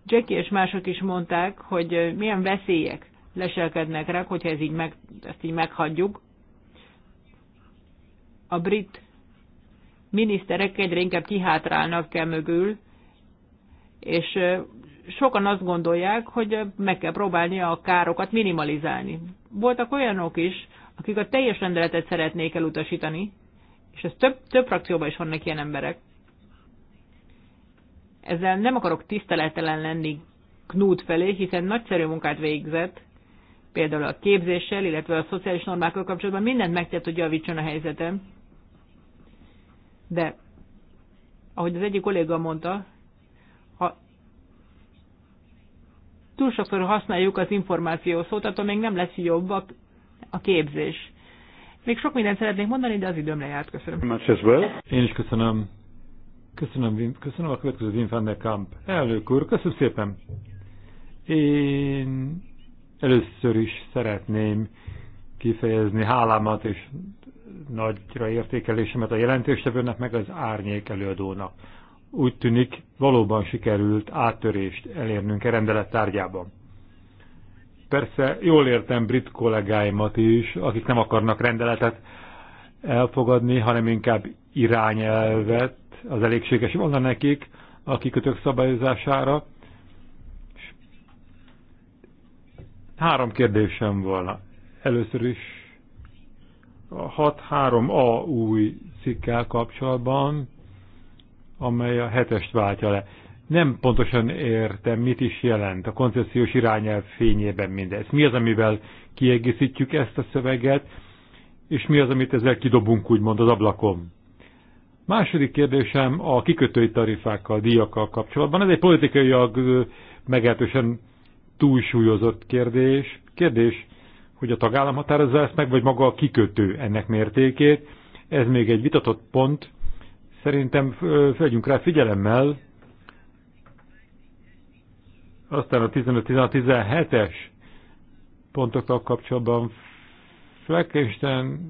Jackie és mások is mondták, hogy milyen veszélyek leselkednek rá, hogyha ez így meg, ezt így meghagyjuk a brit miniszterek egyre inkább kihátrálnak kell mögül, és sokan azt gondolják, hogy meg kell próbálni a károkat minimalizálni. Voltak olyanok is, akik a teljes rendeletet szeretnék elutasítani, és ez több, több frakcióban is vannak ilyen emberek. Ezzel nem akarok tiszteletelen lenni Knut felé, hiszen nagyszerű munkát végzett, például a képzéssel, illetve a szociális normákkal kapcsolatban mindent megtett, hogy javítson a helyzetem. De, ahogy az egyik kolléga mondta, ha túl sokszor használjuk az információ szót, attól még nem lesz jobb a, a képzés. Még sok mindent szeretnék mondani, de az időm lejárt. Köszönöm. Én is köszönöm. Köszönöm, köszönöm a következő Wim van der Kamp. Elnök úr, köszönöm szépen. Én először is szeretném kifejezni hálámat és nagyra értékelésemet a jelentéstevőnek, meg az árnyék előadónak. Úgy tűnik, valóban sikerült áttörést elérnünk a e rendelet tárgyában. Persze jól értem brit kollégáimat is, akik nem akarnak rendeletet elfogadni, hanem inkább irányelvet, az elégséges volna nekik a kikötők szabályozására. Három kérdésem volna. Először is a 6.3a új cikkel kapcsolatban, amely a hetest váltja le. Nem pontosan értem, mit is jelent a koncepciós irányelv fényében mindez. Mi az, amivel kiegészítjük ezt a szöveget, és mi az, amit ezzel kidobunk, úgymond az ablakon. Második kérdésem a kikötői tarifákkal, díjakkal kapcsolatban. Ez egy politikailag meglehetősen túlsúlyozott kérdés. Kérdés, hogy a tagállam határozza ezt meg, vagy maga a kikötő ennek mértékét. Ez még egy vitatott pont. Szerintem legyünk rá figyelemmel. Aztán a 15-17-es pontokkal kapcsolatban Fleckenstein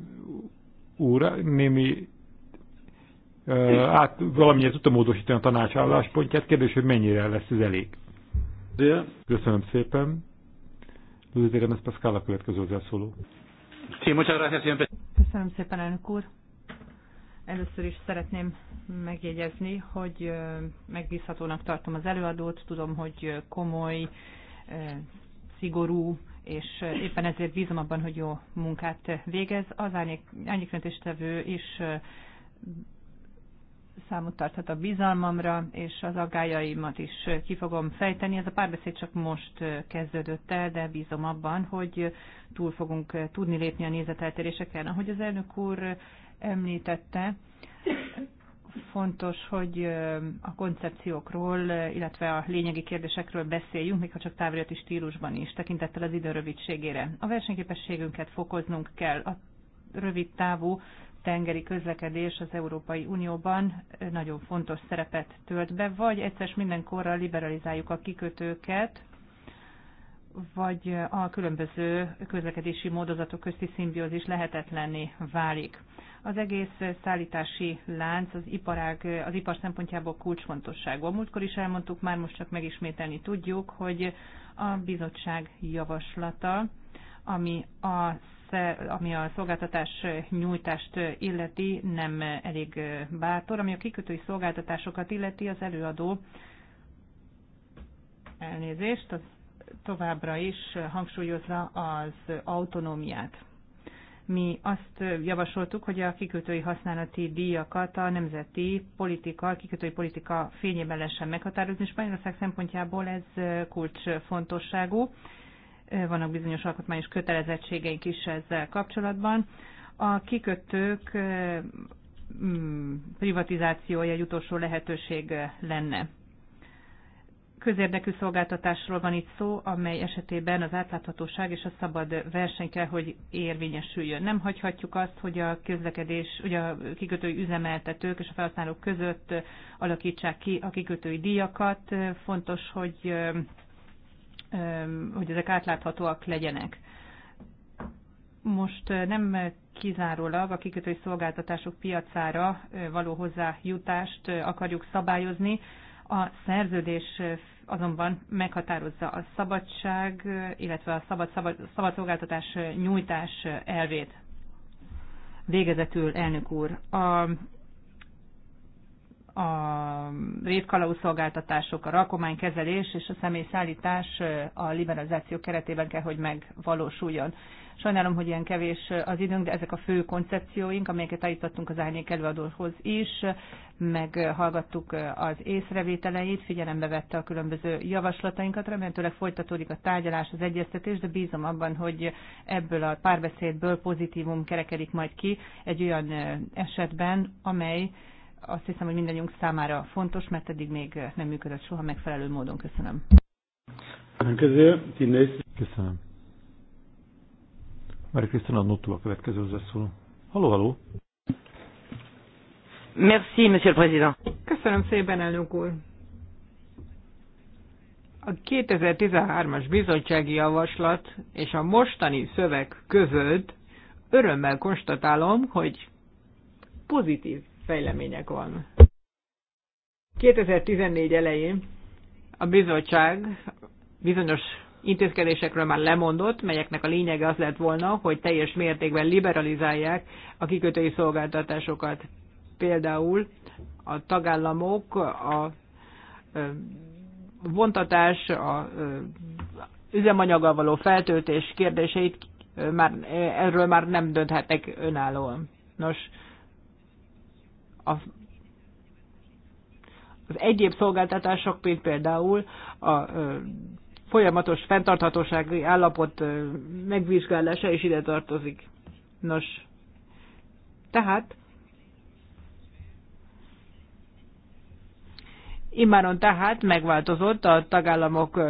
úr némi ö, át, valamilyen tudta módosítani a tanács álláspontját. Kérdés, hogy mennyire lesz ez elég. Köszönöm szépen. Luis de Gomez Pascal a következő hozzászóló. Köszönöm szépen, elnök úr. Először is szeretném megjegyezni, hogy megbízhatónak tartom az előadót. Tudom, hogy komoly, szigorú, és éppen ezért bízom abban, hogy jó munkát végez. Az árnyékrendéstevő is számot tarthat a bizalmamra, és az aggájaimat is ki fogom fejteni. Ez a párbeszéd csak most kezdődött el, de bízom abban, hogy túl fogunk tudni lépni a nézeteltéréseken. Ahogy az elnök úr említette, fontos, hogy a koncepciókról, illetve a lényegi kérdésekről beszéljünk, még ha csak távirati stílusban is, tekintettel az idő rövidségére. A versenyképességünket fokoznunk kell, a rövid távú tengeri közlekedés az Európai Unióban nagyon fontos szerepet tölt be, vagy egyszer mindenkorra liberalizáljuk a kikötőket, vagy a különböző közlekedési módozatok közti szimbiózis lehetetlenné válik. Az egész szállítási lánc az, iparág, az ipar szempontjából kulcsfontosságú. A múltkor is elmondtuk, már most csak megismételni tudjuk, hogy a bizottság javaslata, ami a ami a szolgáltatás nyújtást illeti, nem elég bátor. Ami a kikötői szolgáltatásokat illeti, az előadó elnézést, az továbbra is hangsúlyozza az autonómiát. Mi azt javasoltuk, hogy a kikötői használati díjakat a nemzeti politika, a kikötői politika fényében lehessen meghatározni. és Spanyolország szempontjából ez kulcsfontosságú vannak bizonyos alkotmányos kötelezettségeink is ezzel kapcsolatban. A kikötők mm, privatizációja egy utolsó lehetőség lenne. Közérdekű szolgáltatásról van itt szó, amely esetében az átláthatóság és a szabad verseny kell, hogy érvényesüljön. Nem hagyhatjuk azt, hogy a közlekedés, hogy a kikötői üzemeltetők és a felhasználók között alakítsák ki a kikötői díjakat. Fontos, hogy hogy ezek átláthatóak legyenek. Most nem kizárólag a kikötői szolgáltatások piacára való hozzájutást akarjuk szabályozni, a szerződés azonban meghatározza a szabadság, illetve a szabad, szabad, szabad szolgáltatás nyújtás elvét. Végezetül, elnök úr, a a szolgáltatások, a rakománykezelés és a személyszállítás a liberalizáció keretében kell, hogy megvalósuljon. Sajnálom, hogy ilyen kevés az időnk, de ezek a fő koncepcióink, amelyeket állítottunk az árnyék előadóhoz is, meghallgattuk az észrevételeit, figyelembe vette a különböző javaslatainkat, remélhetőleg folytatódik a tárgyalás, az egyeztetés, de bízom abban, hogy ebből a párbeszédből pozitívum kerekedik majd ki egy olyan esetben, amely azt hiszem, hogy mindannyiunk számára fontos, mert eddig még nem működött soha megfelelő módon. Köszönöm. Köszönöm. Mari Krisztina Nottu a következő hozzászóló. Halló, halló! Merci, monsieur le président. Köszönöm szépen, elnök úr. A 2013-as bizottsági javaslat és a mostani szöveg között örömmel konstatálom, hogy pozitív fejlemények van. 2014 elején a bizottság bizonyos intézkedésekről már lemondott, melyeknek a lényege az lett volna, hogy teljes mértékben liberalizálják a kikötői szolgáltatásokat. Például a tagállamok a vontatás, a üzemanyaggal való feltöltés kérdéseit már, erről már nem dönthetek önállóan. Nos, a, az egyéb szolgáltatások, mint például a folyamatos fenntarthatósági állapot megvizsgálása is ide tartozik. Nos, tehát Immáron tehát megváltozott a tagállamok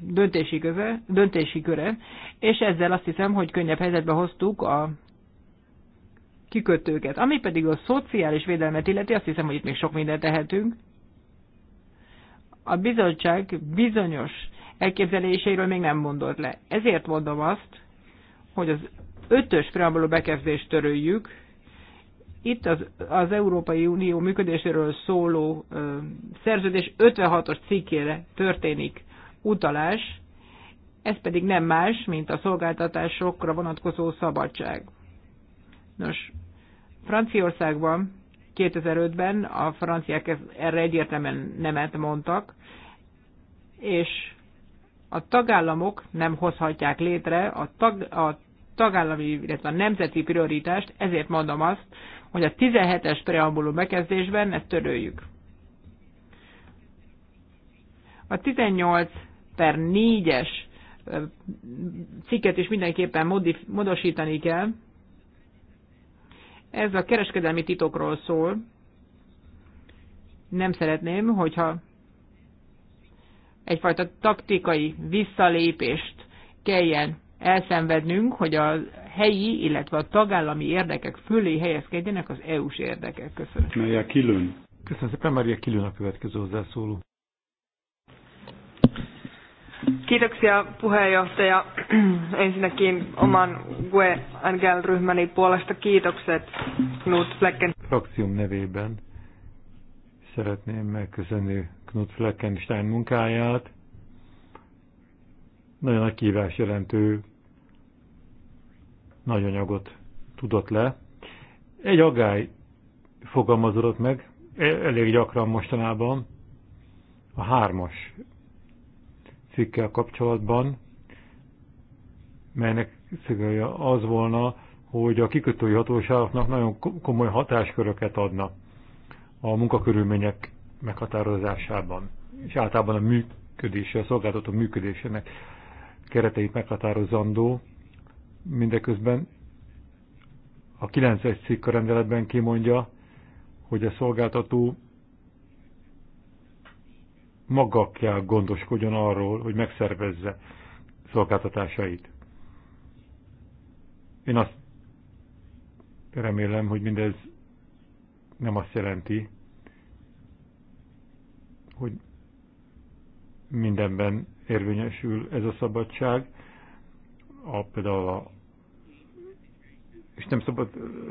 döntési, köve, döntési köre, és ezzel azt hiszem, hogy könnyebb helyzetbe hoztuk a kikötőket. Ami pedig a szociális védelmet illeti, azt hiszem, hogy itt még sok mindent tehetünk. A bizottság bizonyos elképzeléseiről még nem mondott le. Ezért mondom azt, hogy az ötös preambuló bekezdést töröljük. Itt az, az Európai Unió működéséről szóló ö, szerződés 56-os cikkére történik utalás, ez pedig nem más, mint a szolgáltatásokra vonatkozó szabadság. Nos, Franciaországban 2005-ben a franciák erre egyértelműen nemet mondtak, és a tagállamok nem hozhatják létre a, tag, a tagállami, illetve a nemzeti prioritást, ezért mondom azt, hogy a 17-es preambulum bekezdésben ezt töröljük. A 18 per 4-es cikket is mindenképpen modif- modosítani kell, ez a kereskedelmi titokról szól. Nem szeretném, hogyha egyfajta taktikai visszalépést kelljen elszenvednünk, hogy a helyi, illetve a tagállami érdekek fölé helyezkedjenek az EU-s érdekek. Köszönöm. Maria Kilön. Köszönöm szépen, Maria Kilön a következő hozzászóló. Kiitoksia puheenjohtaja. Ensinnäkin oman GUE angel ryhmäni puolesta kiitokset Knut Flecken. Fraktion nevében szeretném megköszönni Knut Fleckenstein munkáját. Nagyon nagy kívás jelentő nagy anyagot tudott le. Egy agály fogalmazódott meg, e- elég gyakran mostanában, a hármas cikkel kapcsolatban, melynek szigorja az volna, hogy a kikötői hatóságoknak nagyon komoly hatásköröket adna a munkakörülmények meghatározásában, és általában a működése, a szolgáltató működésének kereteit meghatározandó, mindeközben a 9-es cikk a rendeletben kimondja, hogy a szolgáltató maga kell gondoskodjon arról, hogy megszervezze szolgáltatásait. Én azt remélem, hogy mindez nem azt jelenti, hogy mindenben érvényesül ez a szabadság, a, például a, és nem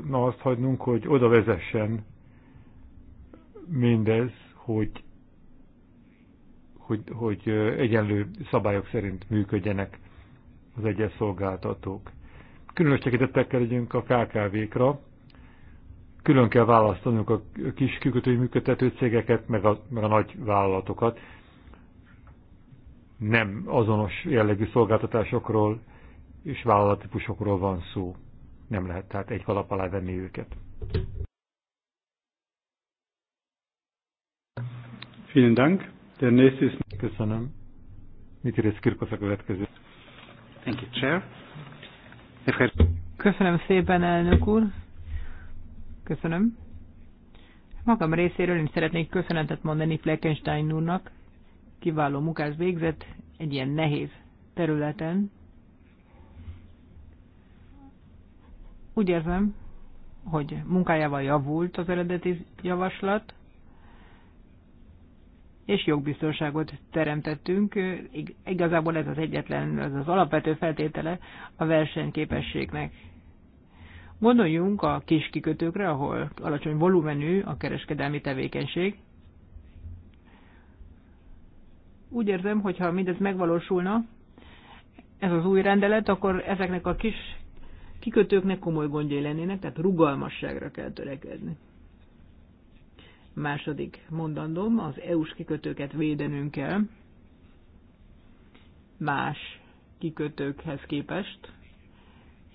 na azt hagynunk, hogy oda vezessen mindez, hogy hogy, hogy egyenlő szabályok szerint működjenek az egyes szolgáltatók. Különös tekintettel legyünk a KKV-kra, külön kell választanunk a kis kikötői működtető cégeket, meg a, meg a nagy vállalatokat. Nem azonos jellegű szolgáltatásokról és vállalatípusokról van szó. Nem lehet tehát egy kalap alá venni őket. Vielen Dank. Der Köszönöm. Kirkosz a következő. Thank you, Chair. Köszönöm szépen, elnök úr. Köszönöm. Magam részéről én szeretnék köszönetet mondani Fleckenstein úrnak. Kiváló munkás végzett egy ilyen nehéz területen. Úgy érzem, hogy munkájával javult az eredeti javaslat, és jogbiztonságot teremtettünk. Igazából ez az egyetlen, ez az alapvető feltétele a versenyképességnek. Gondoljunk a kis kikötőkre, ahol alacsony volumenű a kereskedelmi tevékenység. Úgy érzem, hogy ha mindez megvalósulna, ez az új rendelet, akkor ezeknek a kis kikötőknek komoly gondjai lennének, tehát rugalmasságra kell törekedni. Második mondandóm, az EU-s kikötőket védenünk kell más kikötőkhez képest,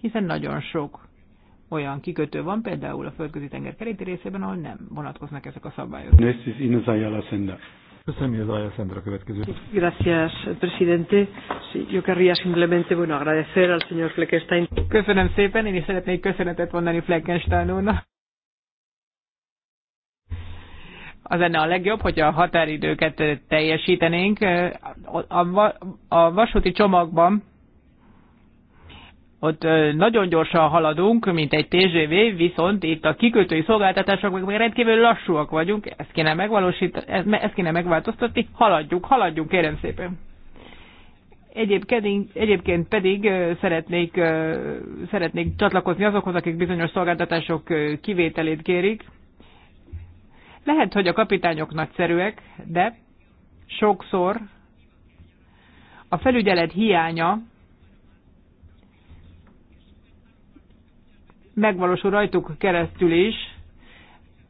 hiszen nagyon sok olyan kikötő van, például a földközi tenger keréti részében, ahol nem vonatkoznak ezek a szabályok. Köszönöm, az Aya Sandra következő. Gracias, presidente. Yo querría simplemente, bueno, agradecer al señor Fleckenstein. Köszönöm szépen, én is szeretnék köszönetet mondani Fleckenstein úrnak. az lenne a legjobb, hogyha a határidőket teljesítenénk. A, vasúti csomagban ott nagyon gyorsan haladunk, mint egy TGV, viszont itt a kikötői szolgáltatások még rendkívül lassúak vagyunk, ezt kéne, megvalósítani, ezt kéne megváltoztatni, haladjuk, haladjunk, kérem szépen. Egyébként, egyébként pedig szeretnék, szeretnék csatlakozni azokhoz, akik bizonyos szolgáltatások kivételét kérik. Lehet, hogy a kapitányok nagyszerűek, de sokszor a felügyelet hiánya megvalósul rajtuk keresztül is,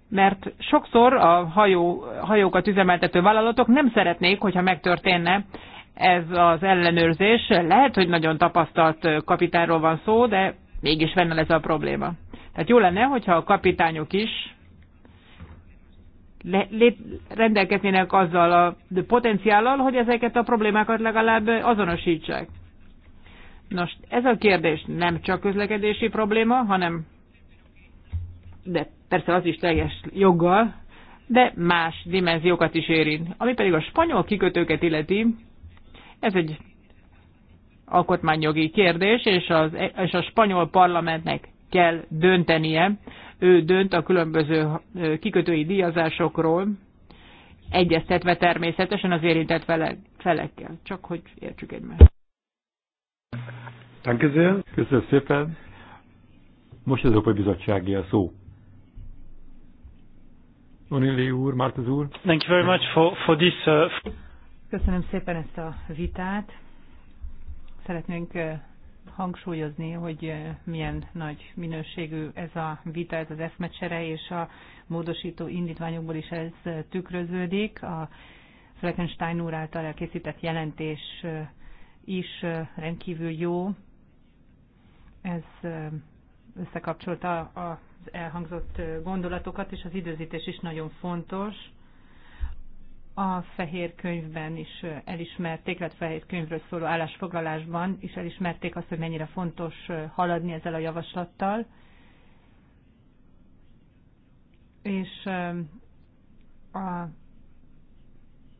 mert sokszor a hajó, hajókat üzemeltető vállalatok nem szeretnék, hogyha megtörténne ez az ellenőrzés. Lehet, hogy nagyon tapasztalt kapitányról van szó, de mégis venne ez a probléma. Tehát jó lenne, hogyha a kapitányok is le, lé, rendelkeznének azzal a potenciállal, hogy ezeket a problémákat legalább azonosítsák. Nos, ez a kérdés nem csak közlekedési probléma, hanem, de persze az is teljes joggal, de más dimenziókat is érint. Ami pedig a spanyol kikötőket illeti, ez egy alkotmányjogi kérdés, és, az, és a spanyol parlamentnek kell döntenie. Ő dönt a különböző kikötői díjazásokról, egyeztetve természetesen az érintett felekkel. Csak hogy értsük egymást. Köszönöm szépen. Most az Európai Bizottsági a szó. Onili úr, Mártez úr. Thank you very much for, for this. Uh, Köszönöm szépen ezt a vitát. Szeretnénk hangsúlyozni, hogy eh, milyen nagy minőségű ez a vita, ez az eszmecsere, és a módosító indítványokból is ez eh, tükröződik. A Fleckenstein úr által elkészített jelentés eh, is rendkívül jó. Ez összekapcsolta az elhangzott gondolatokat, és az időzítés is nagyon fontos a fehér könyvben is elismerték, illetve fehér könyvről szóló állásfoglalásban is elismerték azt, hogy mennyire fontos haladni ezzel a javaslattal. És a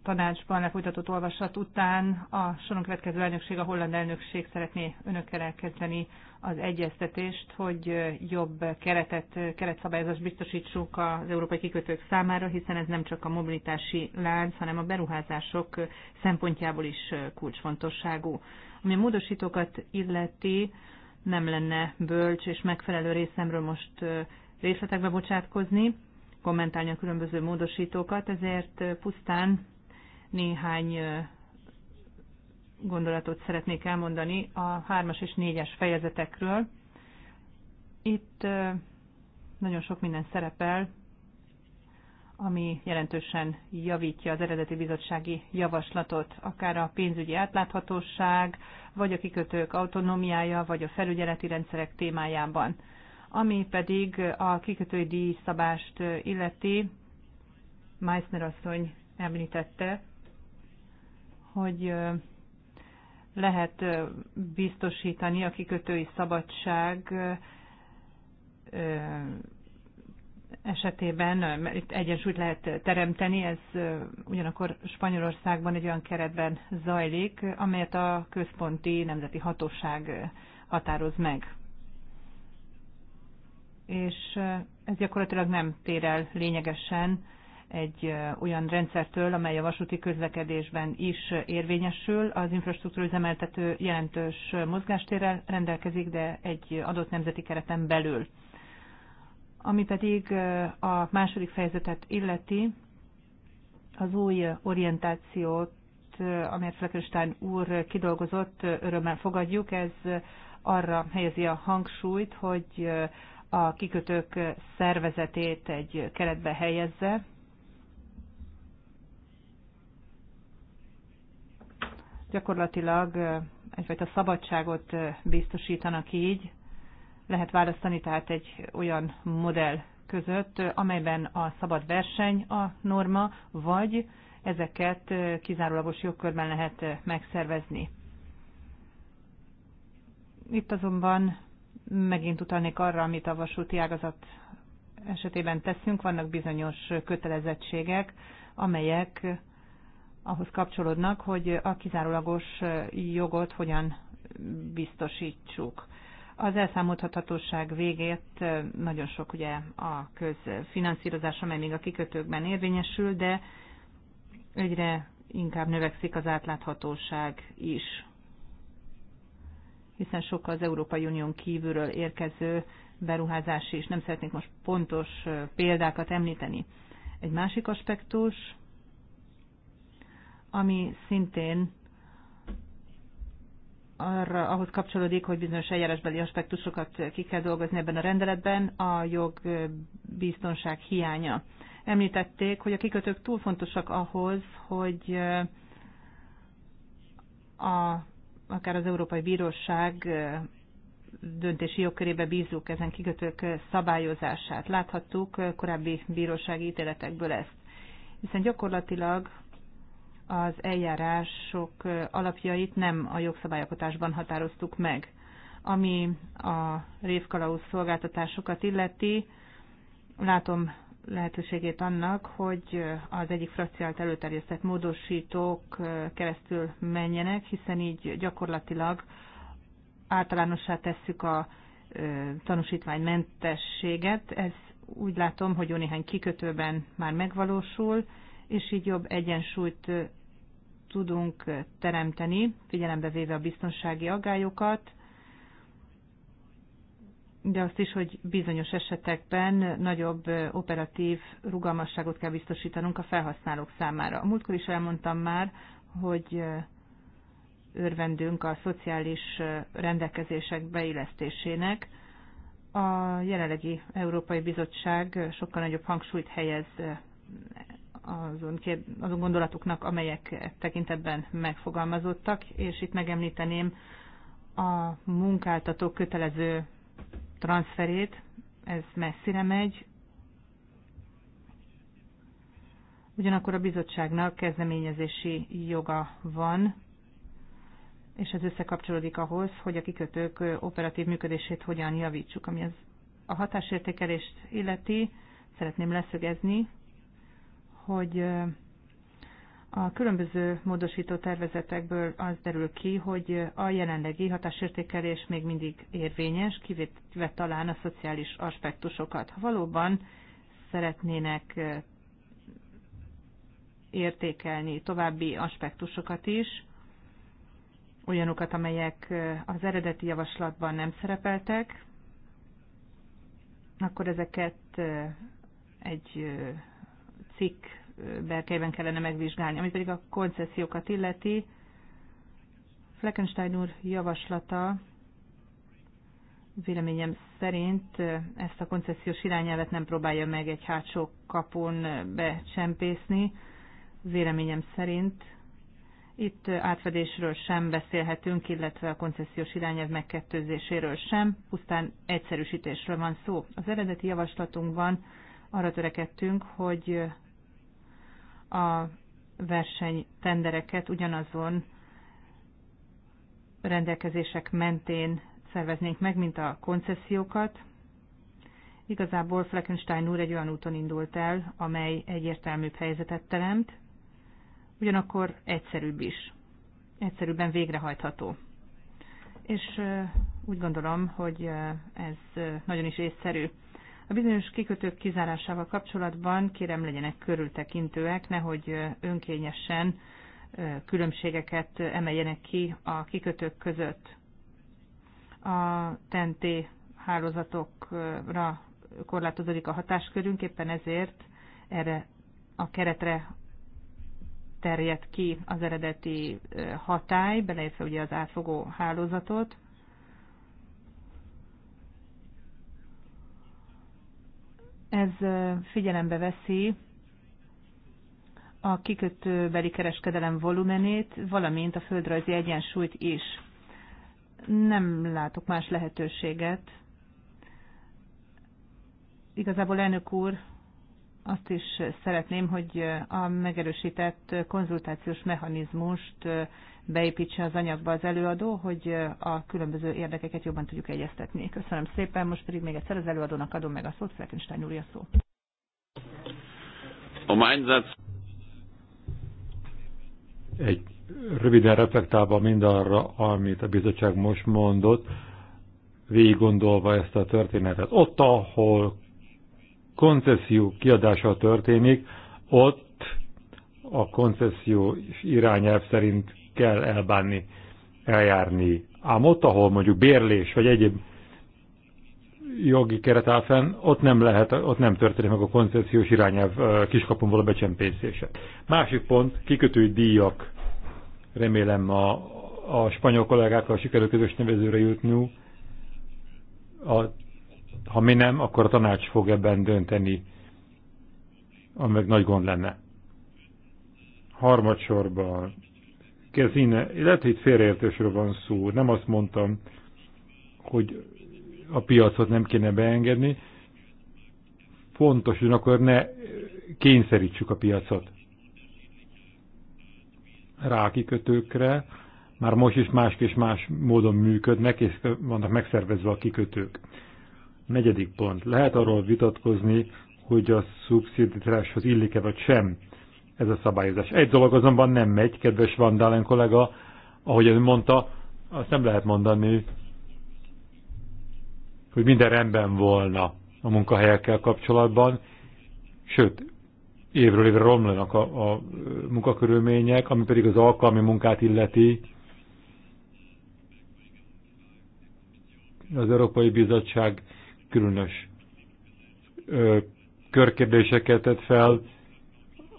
tanácsban lefolytatott olvasat után a soron következő elnökség, a holland elnökség szeretné önökkel elkezdeni az egyeztetést, hogy jobb keretet, keretszabályozást biztosítsunk az európai kikötők számára, hiszen ez nem csak a mobilitási lánc, hanem a beruházások szempontjából is kulcsfontosságú. Ami a módosítókat illeti, nem lenne bölcs és megfelelő részemről most részletekbe bocsátkozni, kommentálni a különböző módosítókat, ezért pusztán néhány gondolatot szeretnék elmondani a hármas és négyes fejezetekről. Itt nagyon sok minden szerepel, ami jelentősen javítja az eredeti bizottsági javaslatot, akár a pénzügyi átláthatóság, vagy a kikötők autonómiája, vagy a felügyeleti rendszerek témájában. Ami pedig a kikötői díjszabást illeti, Meissner asszony említette, hogy lehet biztosítani a kikötői szabadság esetében itt egyensúlyt lehet teremteni, ez ugyanakkor Spanyolországban egy olyan keretben zajlik, amelyet a központi nemzeti hatóság határoz meg. És ez gyakorlatilag nem tér el lényegesen egy olyan rendszertől, amely a vasúti közlekedésben is érvényesül. Az infrastruktúra üzemeltető jelentős mozgástérrel rendelkezik, de egy adott nemzeti kereten belül. Ami pedig a második fejezetet illeti, az új orientációt, amelyet Fleckenstein úr kidolgozott, örömmel fogadjuk. Ez arra helyezi a hangsúlyt, hogy a kikötők szervezetét egy keretbe helyezze, gyakorlatilag egyfajta szabadságot biztosítanak így. Lehet választani tehát egy olyan modell között, amelyben a szabad verseny a norma, vagy ezeket kizárólagos jogkörben lehet megszervezni. Itt azonban megint utalnék arra, amit a vasúti ágazat esetében teszünk, vannak bizonyos kötelezettségek, amelyek ahhoz kapcsolódnak, hogy a kizárólagos jogot hogyan biztosítsuk. Az elszámoltathatóság végét nagyon sok ugye a közfinanszírozás, amely még a kikötőkben érvényesül, de egyre inkább növekszik az átláthatóság is, hiszen sok az Európai Unión kívülről érkező beruházás is. Nem szeretnék most pontos példákat említeni. Egy másik aspektus, ami szintén arra, ahhoz kapcsolódik, hogy bizonyos eljárásbeli aspektusokat ki kell dolgozni ebben a rendeletben, a jogbiztonság hiánya. Említették, hogy a kikötők túl fontosak ahhoz, hogy a, akár az Európai Bíróság döntési jogkörébe bízzuk ezen kikötők szabályozását. Láthattuk korábbi bírósági ítéletekből ezt. Hiszen gyakorlatilag az eljárások alapjait nem a jogszabályokatásban határoztuk meg. Ami a révkalauz szolgáltatásokat illeti, látom lehetőségét annak, hogy az egyik frakciált előterjesztett módosítók keresztül menjenek, hiszen így gyakorlatilag általánossá tesszük a tanúsítvány mentességet. Ez úgy látom, hogy jó néhány kikötőben már megvalósul, és így jobb egyensúlyt tudunk teremteni, figyelembe véve a biztonsági agályokat, de azt is, hogy bizonyos esetekben nagyobb operatív rugalmasságot kell biztosítanunk a felhasználók számára. A múltkor is elmondtam már, hogy örvendünk a szociális rendelkezések beillesztésének. A jelenlegi Európai Bizottság sokkal nagyobb hangsúlyt helyez azon, kér, azon gondolatoknak, amelyek tekintetben megfogalmazottak, és itt megemlíteném a munkáltató kötelező transferét, ez messzire megy, Ugyanakkor a bizottságnak kezdeményezési joga van, és ez összekapcsolódik ahhoz, hogy a kikötők operatív működését hogyan javítsuk, ami az a hatásértékelést illeti. Szeretném leszögezni, hogy a különböző módosító tervezetekből az derül ki, hogy a jelenlegi hatásértékelés még mindig érvényes, kivétve talán a szociális aspektusokat. Ha valóban szeretnének értékelni további aspektusokat is, olyanokat, amelyek az eredeti javaslatban nem szerepeltek, akkor ezeket egy cikk berkeiben kellene megvizsgálni. Ami pedig a koncesziókat illeti, Fleckenstein úr javaslata véleményem szerint ezt a koncesziós irányelvet nem próbálja meg egy hátsó kapun becsempészni. Véleményem szerint itt átfedésről sem beszélhetünk, illetve a koncesziós irányelv megkettőzéséről sem, pusztán egyszerűsítésről van szó. Az eredeti javaslatunkban arra törekedtünk, hogy a versenytendereket ugyanazon rendelkezések mentén szerveznénk meg, mint a koncesziókat. Igazából Fleckenstein úr egy olyan úton indult el, amely egyértelműbb helyzetet teremt, ugyanakkor egyszerűbb is, egyszerűbben végrehajtható. És úgy gondolom, hogy ez nagyon is észszerű. A bizonyos kikötők kizárásával kapcsolatban kérem legyenek körültekintőek, nehogy önkényesen különbségeket emeljenek ki a kikötők között. A TNT hálózatokra korlátozódik a hatáskörünk, éppen ezért erre a keretre terjed ki az eredeti hatály, beleértve ugye az átfogó hálózatot. Ez figyelembe veszi a kikötőbeli kereskedelem volumenét, valamint a földrajzi egyensúlyt is. Nem látok más lehetőséget. Igazából elnök úr, azt is szeretném, hogy a megerősített konzultációs mechanizmust beépítse az anyagba az előadó, hogy a különböző érdekeket jobban tudjuk egyeztetni. Köszönöm szépen, most pedig még egyszer az előadónak adom meg a szót, Fleckenstein úr a szó. A mindset... Egy röviden reflektálva mindarra, amit a bizottság most mondott, végig gondolva ezt a történetet. Ott, ahol koncesszió kiadása történik, ott a koncesszió irányelv szerint kell elbánni, eljárni. Ám ott, ahol mondjuk bérlés vagy egyéb jogi keret áll fenn, ott nem, lehet, ott nem történik meg a koncepciós irányelv kiskapon való becsempészése. Másik pont, kikötői díjak. Remélem a, a spanyol kollégákkal sikerül közös nevezőre jutni. A, ha mi nem, akkor a tanács fog ebben dönteni, ami meg nagy gond lenne. Harmadsorban kezine, lehet, hogy félreértésről van szó, nem azt mondtam, hogy a piacot nem kéne beengedni, fontos, hogy akkor ne kényszerítsük a piacot rákikötőkre, már most is más és más módon működnek, és vannak megszervezve a kikötők. Negyedik pont. Lehet arról vitatkozni, hogy a szubszidizáláshoz illik-e vagy sem ez a szabályozás. Egy dolog azonban nem megy, kedves Van kollega, ahogy ön mondta, azt nem lehet mondani, hogy minden rendben volna a munkahelyekkel kapcsolatban, sőt, évről évre romlanak a, a munkakörülmények, ami pedig az alkalmi munkát illeti. Az Európai Bizottság különös ö, körkérdéseket tett fel,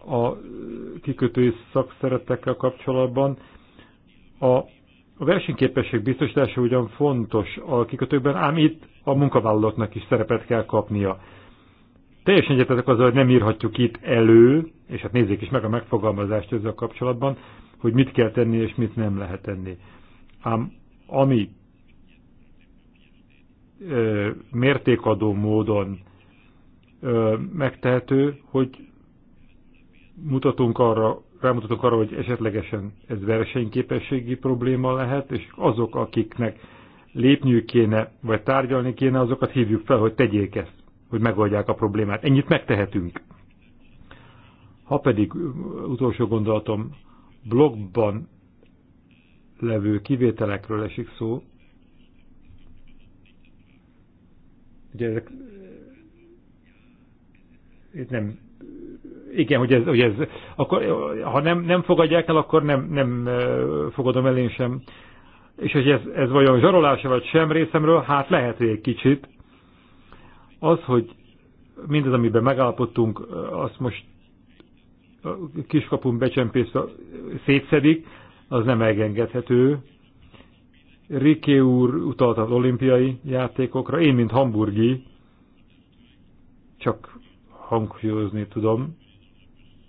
a kikötői szakszeretekkel kapcsolatban. A, a versenyképesség biztosítása ugyan fontos a kikötőkben, ám itt a munkavállalatnak is szerepet kell kapnia. Teljesen egyetetek azzal, hogy nem írhatjuk itt elő, és hát nézzék is meg a megfogalmazást ezzel kapcsolatban, hogy mit kell tenni és mit nem lehet tenni. Ám ami ö, mértékadó módon ö, megtehető, hogy mutatunk arra, rámutatunk arra, hogy esetlegesen ez versenyképességi probléma lehet, és azok, akiknek lépniük kéne, vagy tárgyalni kéne, azokat hívjuk fel, hogy tegyék ezt, hogy megoldják a problémát. Ennyit megtehetünk. Ha pedig utolsó gondolatom, blogban levő kivételekről esik szó, ugye ezek itt nem igen, hogy ez, hogy ez akkor, ha nem, nem fogadják el, akkor nem, nem fogadom el én sem. És hogy ez, ez vajon zsarolása vagy sem részemről, hát lehet, hogy egy kicsit. Az, hogy mindez, amiben megállapodtunk, azt most kiskapun becsempészve szétszedik, az nem elengedhető. Riké úr utalt az olimpiai játékokra, én, mint hamburgi, csak hangsúlyozni tudom,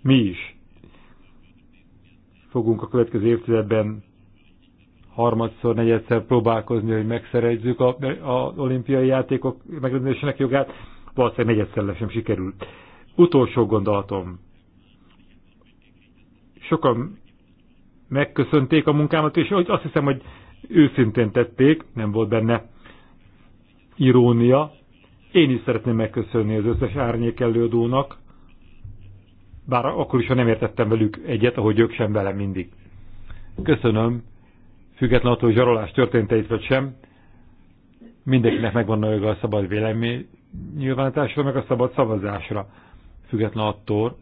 mi is fogunk a következő évtizedben harmadszor, negyedszer próbálkozni, hogy megszerezzük az olimpiai játékok megrendezésének jogát, valószínűleg le sem sikerült. Utolsó gondolatom. Sokan megköszönték a munkámat, és azt hiszem, hogy őszintén tették, nem volt benne irónia. Én is szeretném megköszönni az összes árnyék előadónak, bár akkor is, ha nem értettem velük egyet, ahogy ők sem velem mindig. Köszönöm, független attól, hogy zsarolás történt itt vagy sem, mindenkinek megvan a joga a szabad vélemény nyilvánításra, meg a szabad szavazásra, független attól,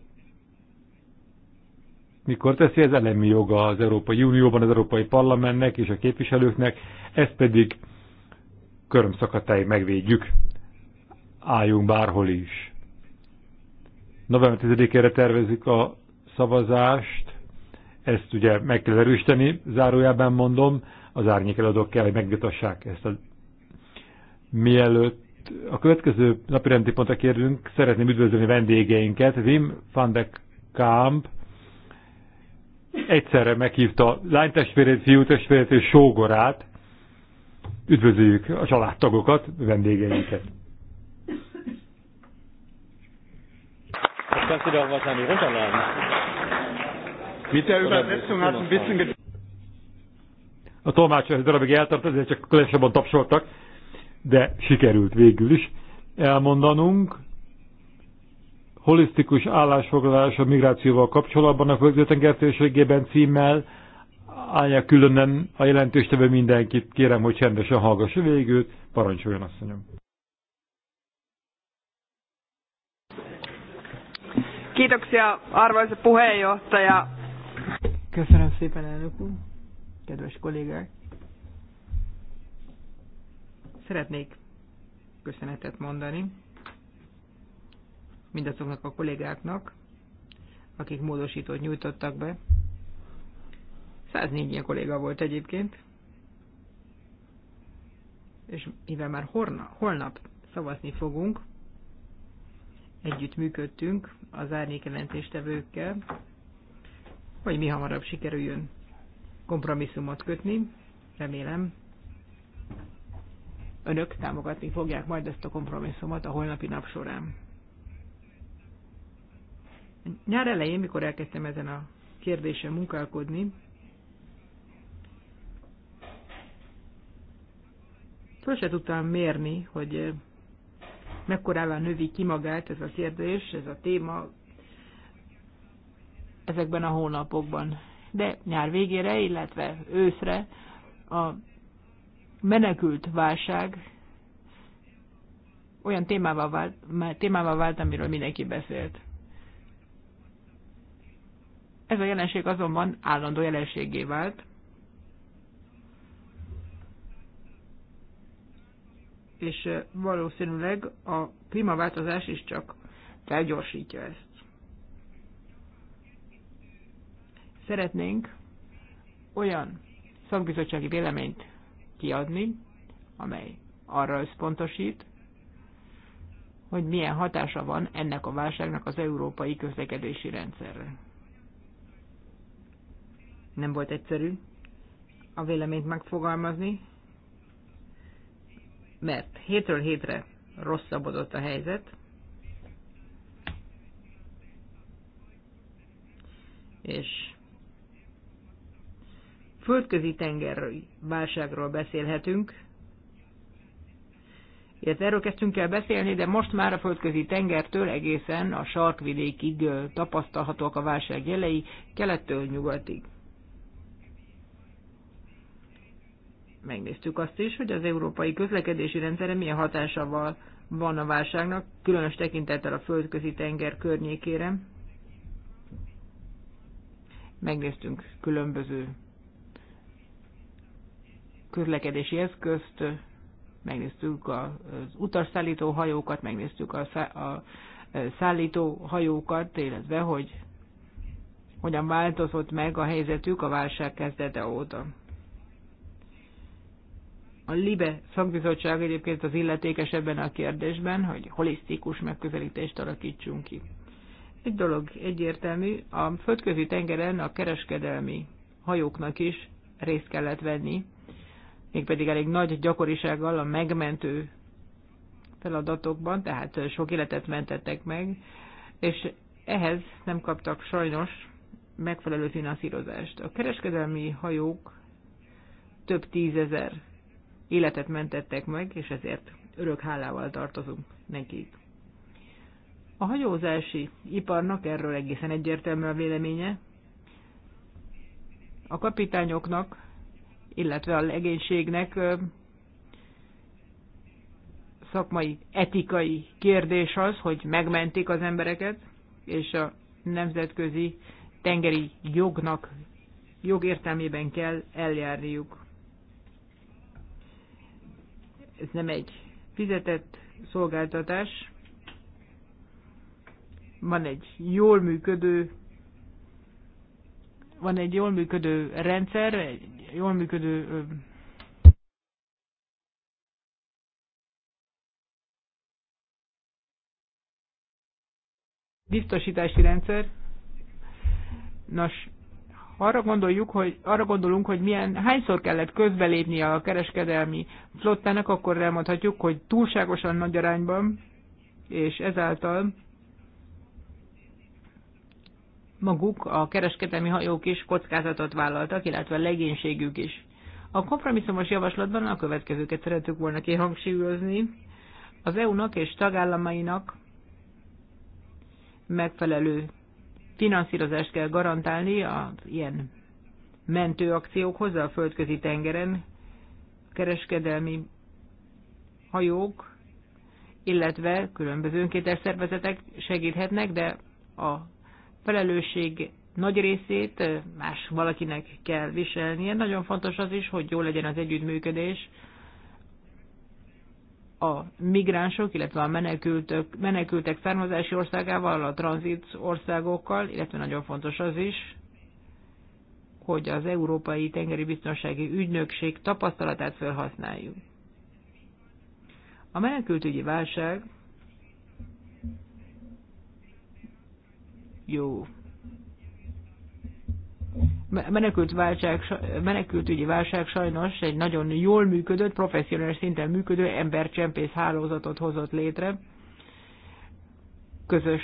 mikor teszi ez elemi joga az Európai Unióban, az Európai Parlamentnek és a képviselőknek, ezt pedig körömszakatáig megvédjük. Álljunk bárhol is. November 10-ére tervezik a szavazást, ezt ugye meg kell erősíteni, zárójában mondom, az eladók kell, hogy megvitassák ezt a... Mielőtt a következő rendi pontra kérdünk, szeretném üdvözölni vendégeinket. Wim van de Kamp egyszerre meghívta lánytestvérét, fiútestvérét és sógorát. Üdvözöljük a családtagokat, vendégeinket. Kannst du doch wahrscheinlich runterladen. Mit der Übersetzung hat ein bisschen get A tolmács egy darabig eltart, ezért csak lesebben tapsoltak, de sikerült végül is elmondanunk. Holisztikus állásfoglalás a migrációval kapcsolatban a földtengertérségében címmel. Állja különben a jelentőstevő mindenkit, kérem, hogy csendesen hallgassa végül, parancsoljon asszonyom. Kiitoksia arvoisa puheenjohtaja. Köszönöm szépen, elnök úr. Kedves kollégák. Szeretnék köszönetet mondani mindazoknak a kollégáknak, akik módosítót nyújtottak be. 104 ilyen kolléga volt egyébként. És mivel már holnap szavazni fogunk, együtt működtünk az árnyékelentéstevőkkel, hogy mi hamarabb sikerüljön kompromisszumot kötni. Remélem, önök támogatni fogják majd ezt a kompromisszumot a holnapi nap során. Nyár elején, mikor elkezdtem ezen a kérdésen munkálkodni, föl se tudtam mérni, hogy mekkorára növi ki magát ez a kérdés, ez a téma ezekben a hónapokban. De nyár végére, illetve őszre a menekült válság olyan témával vált, témával vált, amiről mindenki beszélt. Ez a jelenség azonban állandó jelenségé vált, és valószínűleg a klímaváltozás is csak felgyorsítja ezt. Szeretnénk olyan szakbizottsági véleményt kiadni, amely arra összpontosít, hogy milyen hatása van ennek a válságnak az európai közlekedési rendszerre. Nem volt egyszerű a véleményt megfogalmazni, mert hétről hétre rosszabbodott a helyzet, és földközi tenger válságról beszélhetünk, illetve erről kezdtünk el beszélni, de most már a földközi tengertől egészen a sarkvidékig tapasztalhatóak a válság jelei, kelettől nyugatig. megnéztük azt is, hogy az európai közlekedési rendszere milyen hatásával van a válságnak, különös tekintettel a földközi tenger környékére. Megnéztünk különböző közlekedési eszközt, megnéztük az utasszállító hajókat, megnéztük a, szá- a e, szállító hajókat, illetve hogy hogyan változott meg a helyzetük a válság kezdete óta. A LIBE szakbizottság egyébként az illetékes ebben a kérdésben, hogy holisztikus megközelítést alakítsunk ki. Egy dolog egyértelmű, a földközi tengeren a kereskedelmi hajóknak is részt kellett venni, mégpedig elég nagy gyakorisággal a megmentő feladatokban, tehát sok életet mentettek meg, és ehhez nem kaptak sajnos megfelelő finanszírozást. A kereskedelmi hajók több tízezer életet mentettek meg, és ezért örök hálával tartozunk nekik. A hajózási iparnak erről egészen egyértelmű a véleménye. A kapitányoknak, illetve a legénységnek szakmai, etikai kérdés az, hogy megmentik az embereket, és a nemzetközi tengeri jognak, jogértelmében kell eljárniuk ez nem egy fizetett szolgáltatás. Van egy jól működő van egy jól működő rendszer, egy jól működő biztosítási rendszer. Nos, arra, gondoljuk, hogy, arra gondolunk, hogy milyen, hányszor kellett közbelépni a kereskedelmi flottának, akkor elmondhatjuk, hogy túlságosan nagy arányban, és ezáltal maguk a kereskedelmi hajók is kockázatot vállaltak, illetve legénységük is. A kompromisszumos javaslatban a következőket szeretük volna kihangsúlyozni. Az EU-nak és tagállamainak megfelelő finanszírozást kell garantálni az ilyen mentőakciókhoz a földközi tengeren, kereskedelmi hajók, illetve különböző önkéntes szervezetek segíthetnek, de a felelősség nagy részét eh, más valakinek kell viselnie. Nagyon fontos az is, hogy jó legyen az együttműködés a migránsok, illetve a menekültök, menekültek származási országával, a tranzit országokkal, illetve nagyon fontos az is, hogy az Európai Tengeri Biztonsági Ügynökség tapasztalatát felhasználjuk. A menekültügyi válság jó menekült, válság, menekültügyi válság sajnos egy nagyon jól működött, professzionális szinten működő embercsempész hálózatot hozott létre. Közös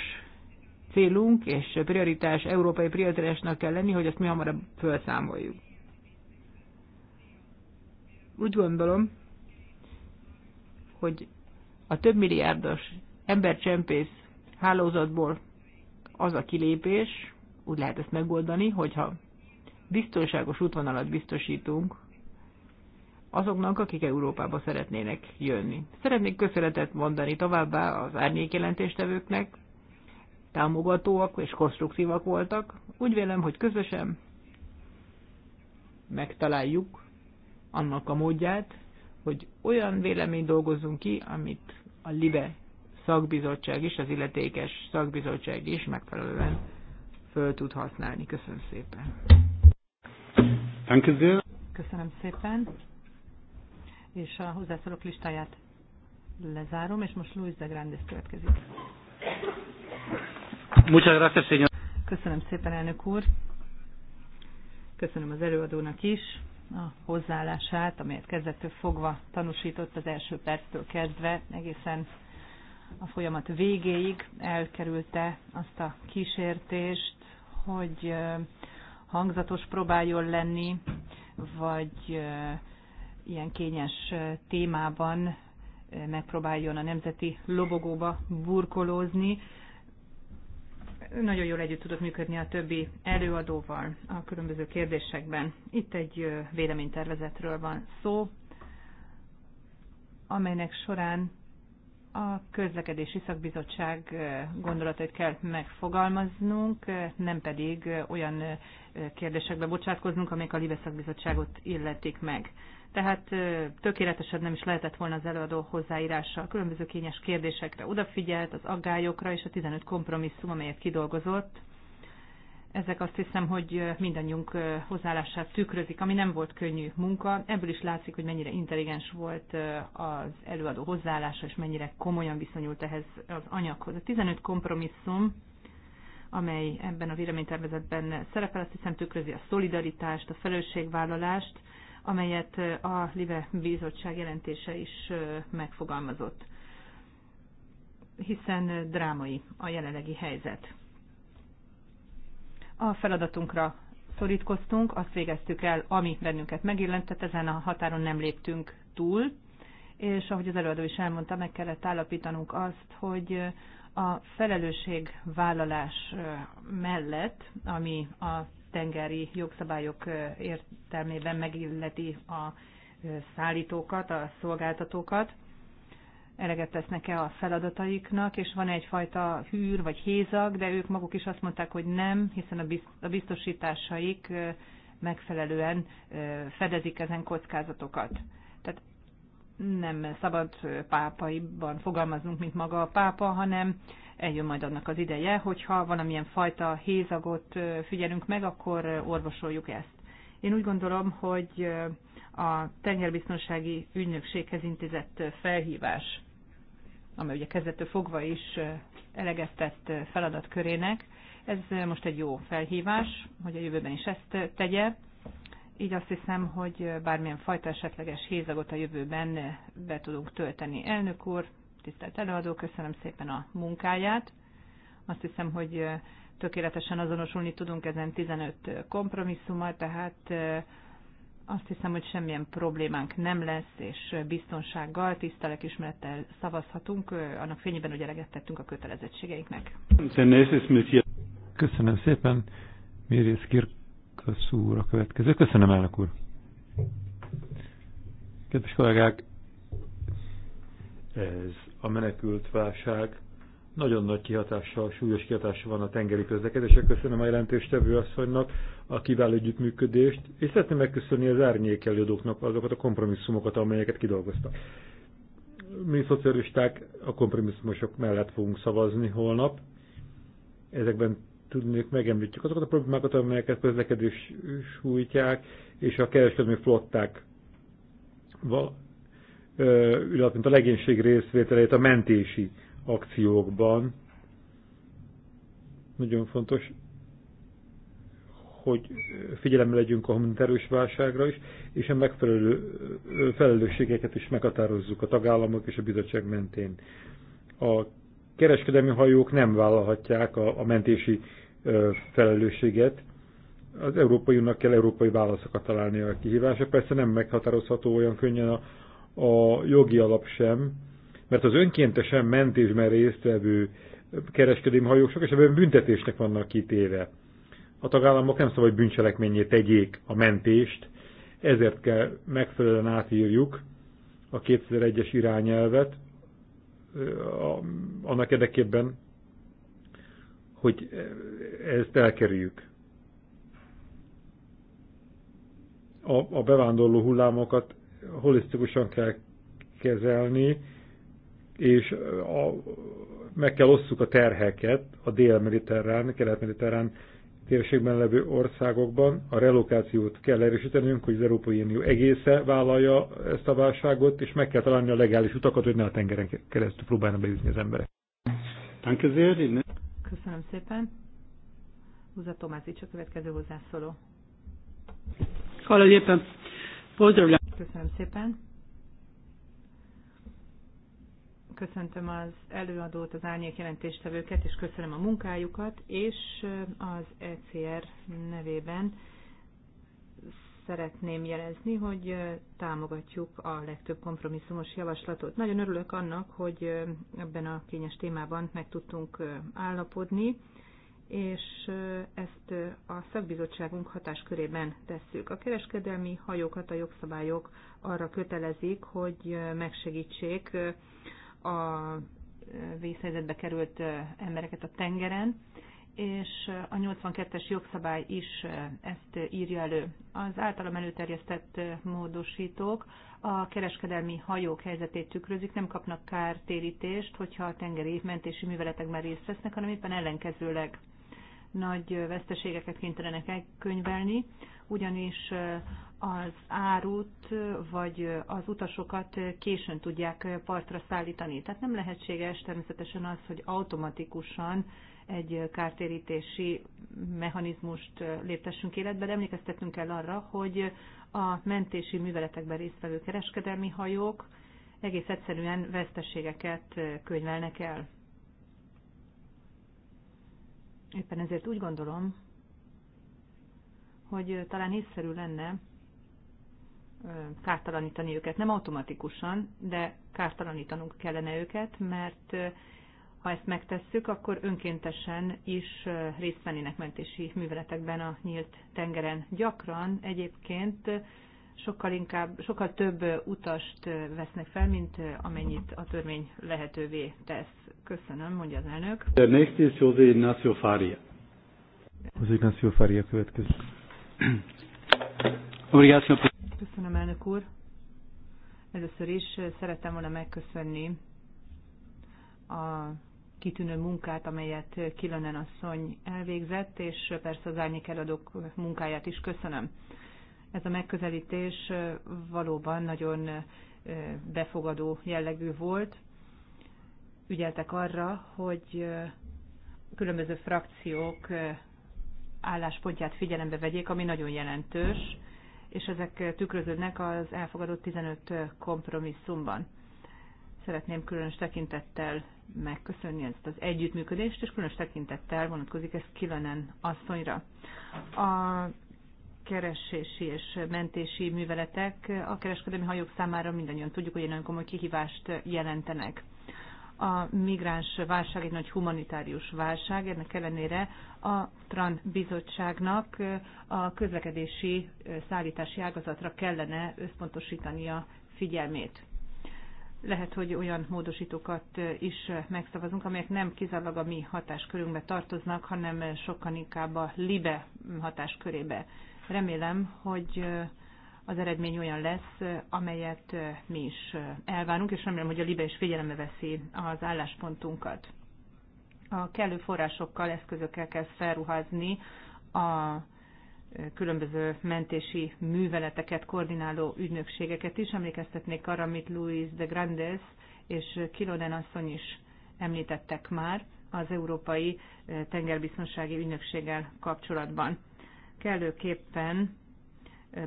célunk és prioritás, európai prioritásnak kell lenni, hogy ezt mi hamarabb felszámoljuk. Úgy gondolom, hogy a több milliárdos embercsempész hálózatból az a kilépés, úgy lehet ezt megoldani, hogyha biztonságos útvonalat biztosítunk azoknak, akik Európába szeretnének jönni. Szeretnék köszönetet mondani továbbá az árnyékjelentéstevőknek, támogatóak és konstruktívak voltak. Úgy vélem, hogy közösen megtaláljuk annak a módját, hogy olyan vélemény dolgozzunk ki, amit a LIBE szakbizottság is, az illetékes szakbizottság is megfelelően föl tud használni. Köszönöm szépen! Danke sehr. Köszönöm szépen. És a hozzászólók listáját lezárom, és most Luis de Grandes következik. Muchas gracias, señor. Köszönöm szépen, elnök úr. Köszönöm az előadónak is a hozzáállását, amelyet kezdettől fogva tanúsított az első perctől kezdve, egészen a folyamat végéig elkerülte azt a kísértést, hogy hangzatos próbáljon lenni, vagy ilyen kényes témában megpróbáljon a nemzeti lobogóba burkolózni. Nagyon jól együtt tudott működni a többi előadóval a különböző kérdésekben. Itt egy véleménytervezetről van szó, amelynek során a közlekedési szakbizottság gondolatait kell megfogalmaznunk, nem pedig olyan kérdésekbe bocsátkoznunk, amelyek a Libe szakbizottságot illetik meg. Tehát tökéletesen nem is lehetett volna az előadó hozzáírással. Különböző kényes kérdésekre odafigyelt, az aggályokra és a 15 kompromisszum, amelyet kidolgozott, ezek azt hiszem, hogy mindannyiunk hozzáállását tükrözik, ami nem volt könnyű munka. Ebből is látszik, hogy mennyire intelligens volt az előadó hozzáállása, és mennyire komolyan viszonyult ehhez az anyaghoz. A 15 kompromisszum, amely ebben a véleménytervezetben szerepel, azt hiszem tükrözi a szolidaritást, a felelősségvállalást, amelyet a Live Bizottság jelentése is megfogalmazott. Hiszen drámai a jelenlegi helyzet a feladatunkra szorítkoztunk, azt végeztük el, ami bennünket megillentett, ezen a határon nem léptünk túl, és ahogy az előadó is elmondta, meg kellett állapítanunk azt, hogy a felelősségvállalás mellett, ami a tengeri jogszabályok értelmében megilleti a szállítókat, a szolgáltatókat, eleget tesznek-e a feladataiknak, és van egyfajta hűr vagy hézag, de ők maguk is azt mondták, hogy nem, hiszen a biztosításaik megfelelően fedezik ezen kockázatokat. Tehát nem szabad pápaiban fogalmaznunk, mint maga a pápa, hanem eljön majd annak az ideje, hogyha valamilyen fajta hézagot figyelünk meg, akkor orvosoljuk ezt. Én úgy gondolom, hogy a tengerbiztonsági ügynökséghez intézett felhívás amely ugye kezdettől fogva is eleget tett feladatkörének. Ez most egy jó felhívás, hogy a jövőben is ezt tegye. Így azt hiszem, hogy bármilyen fajta esetleges hézagot a jövőben be tudunk tölteni. Elnök úr, tisztelt előadó, köszönöm szépen a munkáját. Azt hiszem, hogy tökéletesen azonosulni tudunk ezen 15 kompromisszummal, tehát azt hiszem, hogy semmilyen problémánk nem lesz, és biztonsággal, tisztelek ismerettel szavazhatunk, annak fényében, hogy eleget tettünk a kötelezettségeinknek. Köszönöm szépen, Mérész Kirkasz úr a következő. Köszönöm, elnök úr. Kedves kollégák, ez a menekült válság nagyon nagy kihatással, súlyos kihatással van a tengeri közlekedésre. Köszönöm a jelentéstevő asszonynak a kiváló együttműködést, és szeretném megköszönni az árnyék azokat a kompromisszumokat, amelyeket kidolgoztak. Mi szocialisták a kompromisszumosok mellett fogunk szavazni holnap. Ezekben tudnék megemlítjük azokat a problémákat, amelyeket közlekedés sújtják, és a kereskedelmi flották, illetve a legénység részvételét a mentési akciókban. Nagyon fontos hogy figyelemmel legyünk a humanitárius válságra is, és a megfelelő felelősségeket is meghatározzuk a tagállamok és a bizottság mentén. A kereskedelmi hajók nem vállalhatják a, a mentési felelősséget. Az Európai Uniónak kell európai válaszokat találni a kihívásra. Persze nem meghatározható olyan könnyen a, a jogi alap sem, mert az önkéntesen mentésben résztvevő kereskedelmi hajók sok esetben büntetésnek vannak kitéve a tagállamok nem szabad, hogy bűncselekményé tegyék a mentést, ezért kell megfelelően átírjuk a 2001-es irányelvet, annak érdekében, hogy ezt elkerüljük. A, a bevándorló hullámokat holisztikusan kell kezelni, és a, meg kell osszuk a terheket a dél-mediterrán, kelet-mediterrán térségben levő országokban a relokációt kell erősítenünk, hogy az Európai Unió egésze vállalja ezt a válságot, és meg kell találni a legális utakat, hogy ne a tengeren keresztül próbálna bejutni az emberek. Köszönöm szépen. Húza Tomázics a következő hozzászóló. Köszönöm szépen. köszöntöm az előadót, az árnyék jelentéstevőket, és köszönöm a munkájukat, és az ECR nevében szeretném jelezni, hogy támogatjuk a legtöbb kompromisszumos javaslatot. Nagyon örülök annak, hogy ebben a kényes témában meg tudtunk állapodni, és ezt a szakbizottságunk hatáskörében tesszük. A kereskedelmi hajókat a jogszabályok arra kötelezik, hogy megsegítsék a vészhelyzetbe került embereket a tengeren, és a 82-es jogszabály is ezt írja elő. Az általam előterjesztett módosítók a kereskedelmi hajók helyzetét tükrözik, nem kapnak kártérítést, hogyha a tengeri mentési műveletekben részt vesznek, hanem éppen ellenkezőleg nagy veszteségeket kénytelenek elkönyvelni, ugyanis az árut vagy az utasokat későn tudják partra szállítani. Tehát nem lehetséges természetesen az, hogy automatikusan egy kártérítési mechanizmust léptessünk életbe, de emlékeztetnünk kell arra, hogy a mentési műveletekben résztvevő kereskedelmi hajók egész egyszerűen veszteségeket könyvelnek el. Éppen ezért úgy gondolom, hogy talán észszerű lenne, kártalanítani őket. Nem automatikusan, de kártalanítanunk kellene őket, mert ha ezt megtesszük, akkor önkéntesen is részt vennének mentési műveletekben a nyílt tengeren. Gyakran egyébként sokkal, inkább, sokkal több utast vesznek fel, mint amennyit a törvény lehetővé tesz. Köszönöm, mondja az elnök. The next is José Ignacio Faria. José Ignacio Faria következik. Obrigado, Köszönöm, elnök úr. Először is szerettem volna megköszönni a kitűnő munkát, amelyet Kilönen asszony elvégzett, és persze az árnyék eladók munkáját is köszönöm. Ez a megközelítés valóban nagyon befogadó jellegű volt. Ügyeltek arra, hogy különböző frakciók álláspontját figyelembe vegyék, ami nagyon jelentős, és ezek tükröződnek az elfogadott 15 kompromisszumban. Szeretném különös tekintettel megköszönni ezt az együttműködést, és különös tekintettel vonatkozik ez Kilenen asszonyra. A keresési és mentési műveletek a kereskedelmi hajók számára mindannyian tudjuk, hogy nagyon komoly kihívást jelentenek a migráns válság egy nagy humanitárius válság, ennek ellenére a TRAN bizottságnak a közlekedési szállítási ágazatra kellene összpontosítania figyelmét. Lehet, hogy olyan módosítókat is megszavazunk, amelyek nem kizárólag a mi hatáskörünkbe tartoznak, hanem sokkal inkább a LIBE hatáskörébe. Remélem, hogy az eredmény olyan lesz, amelyet mi is elvárunk, és remélem, hogy a Libe is figyelembe veszi az álláspontunkat. A kellő forrásokkal, eszközökkel kell felruházni a különböző mentési műveleteket koordináló ügynökségeket is. Emlékeztetnék arra, amit Luis de Grandes és Kiloden asszony is említettek már az Európai Tengerbiztonsági Ügynökséggel kapcsolatban. Kellőképpen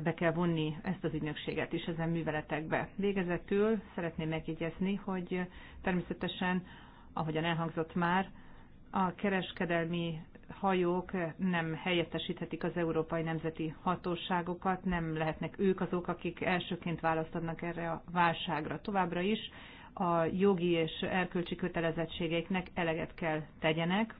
be kell vonni ezt az ügynökséget is ezen műveletekbe. Végezetül szeretném megjegyezni, hogy természetesen, ahogyan elhangzott már, a kereskedelmi hajók nem helyettesíthetik az európai nemzeti hatóságokat, nem lehetnek ők azok, akik elsőként választadnak erre a válságra. Továbbra is a jogi és erkölcsi kötelezettségeiknek eleget kell tegyenek,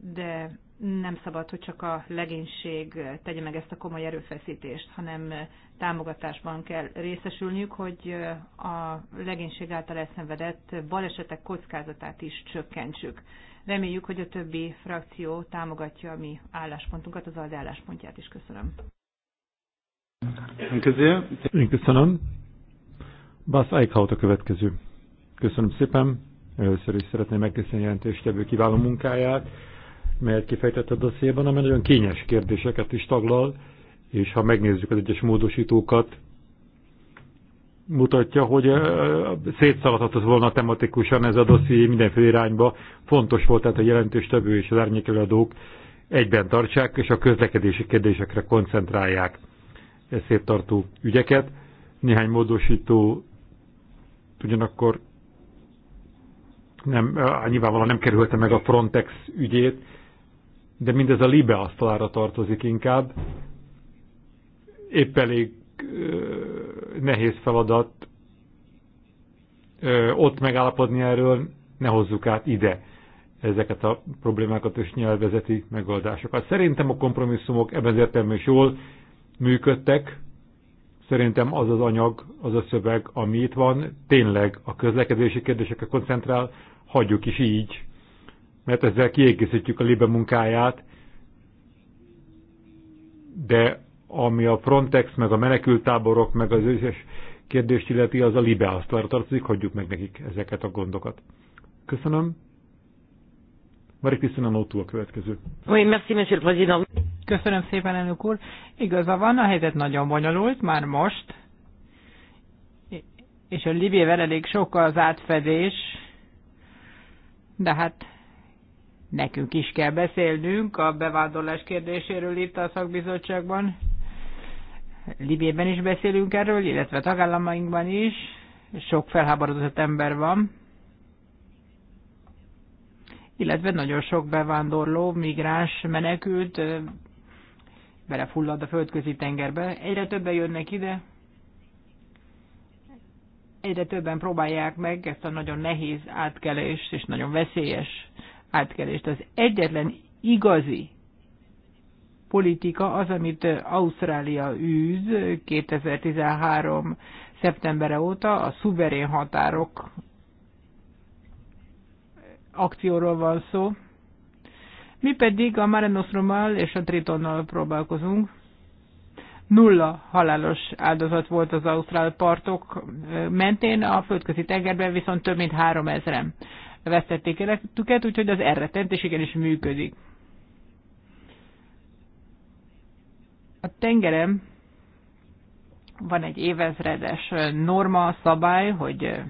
de nem szabad, hogy csak a legénység tegye meg ezt a komoly erőfeszítést, hanem támogatásban kell részesülniük, hogy a legénység által elszenvedett balesetek kockázatát is csökkentsük. Reméljük, hogy a többi frakció támogatja a mi álláspontunkat, az ALDE álláspontját is. Köszönöm. Én köszönöm. Bász Eichhaut a következő. Köszönöm szépen. Először is szeretném megköszönni a jelentéstevő kiváló munkáját melyet kifejtett a dossziéban, amely nagyon kényes kérdéseket is taglal, és ha megnézzük az egyes módosítókat, mutatja, hogy szétszaladhatott volna tematikusan ez a dosszié mindenféle irányba. Fontos volt tehát a jelentős tevő és az árnyékelőadók egyben tartsák, és a közlekedési kérdésekre koncentrálják ezt széttartó ügyeket. Néhány módosító ugyanakkor nem, nyilvánvalóan nem kerülte meg a Frontex ügyét, de mindez a libe asztalára tartozik inkább. Épp elég nehéz feladat ott megállapodni erről, ne hozzuk át ide ezeket a problémákat és nyelvezeti megoldásokat. Szerintem a kompromisszumok ebben az értelemben is jól működtek. Szerintem az az anyag, az a szöveg, ami itt van, tényleg a közlekedési kérdésekre koncentrál, hagyjuk is így mert ezzel kiegészítjük a libe munkáját, de ami a Frontex, meg a menekültáborok, meg az összes kérdést illeti, az a libe asztalra tartozik, hagyjuk meg nekik ezeket a gondokat. Köszönöm. Marik, Krisztina Nótú a következő. Oui, merci, monsieur le président. Köszönöm szépen, elnök úr. Igaza van, a helyzet nagyon bonyolult, már most, és a Libével elég sok az átfedés, de hát nekünk is kell beszélnünk a bevándorlás kérdéséről itt a szakbizottságban. Libében is beszélünk erről, illetve tagállamainkban is. Sok felháborodott ember van. Illetve nagyon sok bevándorló, migráns, menekült belefullad a földközi tengerbe. Egyre többen jönnek ide, egyre többen próbálják meg ezt a nagyon nehéz átkelést és nagyon veszélyes átkelést. Az egyetlen igazi politika az, amit Ausztrália űz 2013. szeptembere óta, a szuverén határok akcióról van szó. Mi pedig a Mare és a Tritonnal próbálkozunk. Nulla halálos áldozat volt az ausztrál partok mentén, a földközi tengerben viszont több mint három ezeren vesztették életüket, úgyhogy az elrettentés igenis működik. A tengerem van egy évezredes norma, szabály, hogy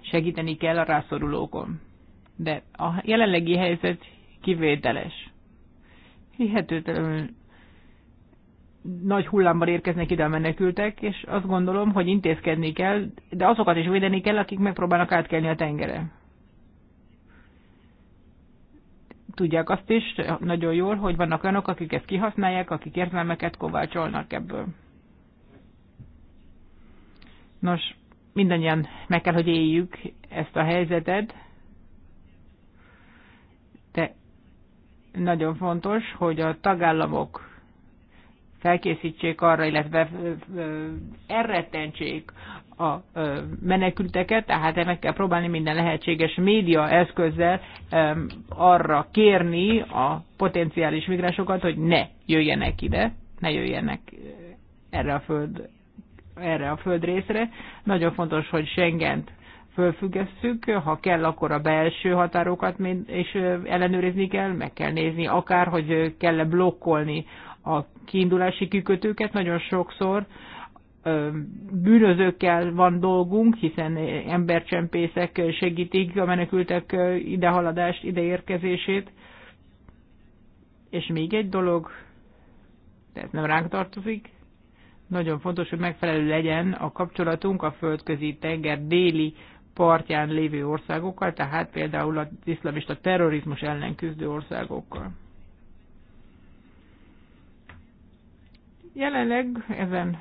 segíteni kell a rászorulókon. De a jelenlegi helyzet kivételes. Hihetőtlenül nagy hullámban érkeznek ide a menekültek, és azt gondolom, hogy intézkedni kell, de azokat is védeni kell, akik megpróbálnak átkelni a tengere. Tudják azt is nagyon jól, hogy vannak olyanok, akik ezt kihasználják, akik érzelmeket kovácsolnak ebből. Nos, mindannyian meg kell, hogy éljük ezt a helyzetet, de nagyon fontos, hogy a tagállamok felkészítsék arra, illetve elrettentsék a menekülteket, tehát meg kell próbálni minden lehetséges média eszközzel arra kérni a potenciális migránsokat, hogy ne jöjjenek ide, ne jöjjenek erre a föld erre a földrészre. Nagyon fontos, hogy Schengent fölfüggesszük, ha kell, akkor a belső határokat is ellenőrizni kell, meg kell nézni akár, hogy kell-e blokkolni a kiindulási kikötőket. Nagyon sokszor bűnözőkkel van dolgunk, hiszen embercsempészek segítik a menekültek idehaladást, ideérkezését. És még egy dolog, de ez nem ránk tartozik, nagyon fontos, hogy megfelelő legyen a kapcsolatunk a földközi tenger déli partján lévő országokkal, tehát például az iszlamista terrorizmus ellen küzdő országokkal. Jelenleg ezen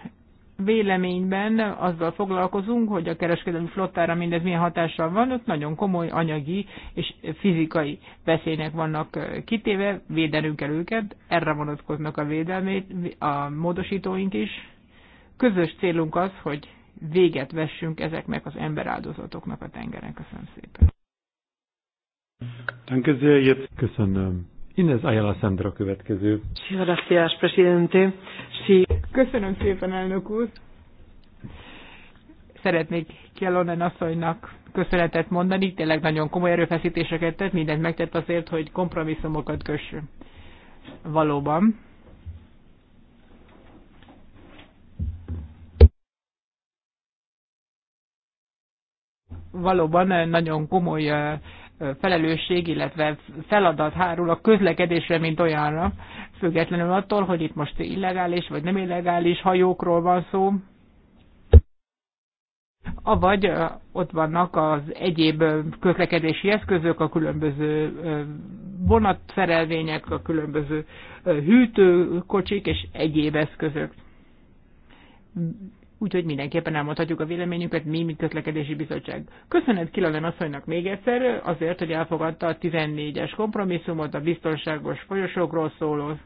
véleményben azzal foglalkozunk, hogy a kereskedelmi flottára mindez milyen hatással van, ott nagyon komoly anyagi és fizikai veszélynek vannak kitéve, védenünk kell őket, erre vonatkoznak a védelmét, a módosítóink is. Közös célunk az, hogy véget vessünk ezeknek az emberáldozatoknak a tengeren. Köszönöm szépen. Köszönöm. Inez Ayala Sandra következő. Gracias, presidente. Sí. Köszönöm szépen, elnök úr. Szeretnék Kjellonen asszonynak köszönetet mondani, tényleg nagyon komoly erőfeszítéseket tett, mindent megtett azért, hogy kompromisszumokat kössön. Valóban. Valóban eh, nagyon komoly eh, felelősség, illetve feladat hárul a közlekedésre, mint olyanra, függetlenül attól, hogy itt most illegális vagy nem illegális hajókról van szó, avagy ott vannak az egyéb közlekedési eszközök, a különböző vonatszerelvények, a különböző hűtőkocsik és egyéb eszközök. Úgyhogy mindenképpen elmondhatjuk a véleményünket mi, mint közlekedési bizottság. Köszönet Kilalen asszonynak még egyszer azért, hogy elfogadta a 14-es kompromisszumot a biztonságos folyosókról szóló.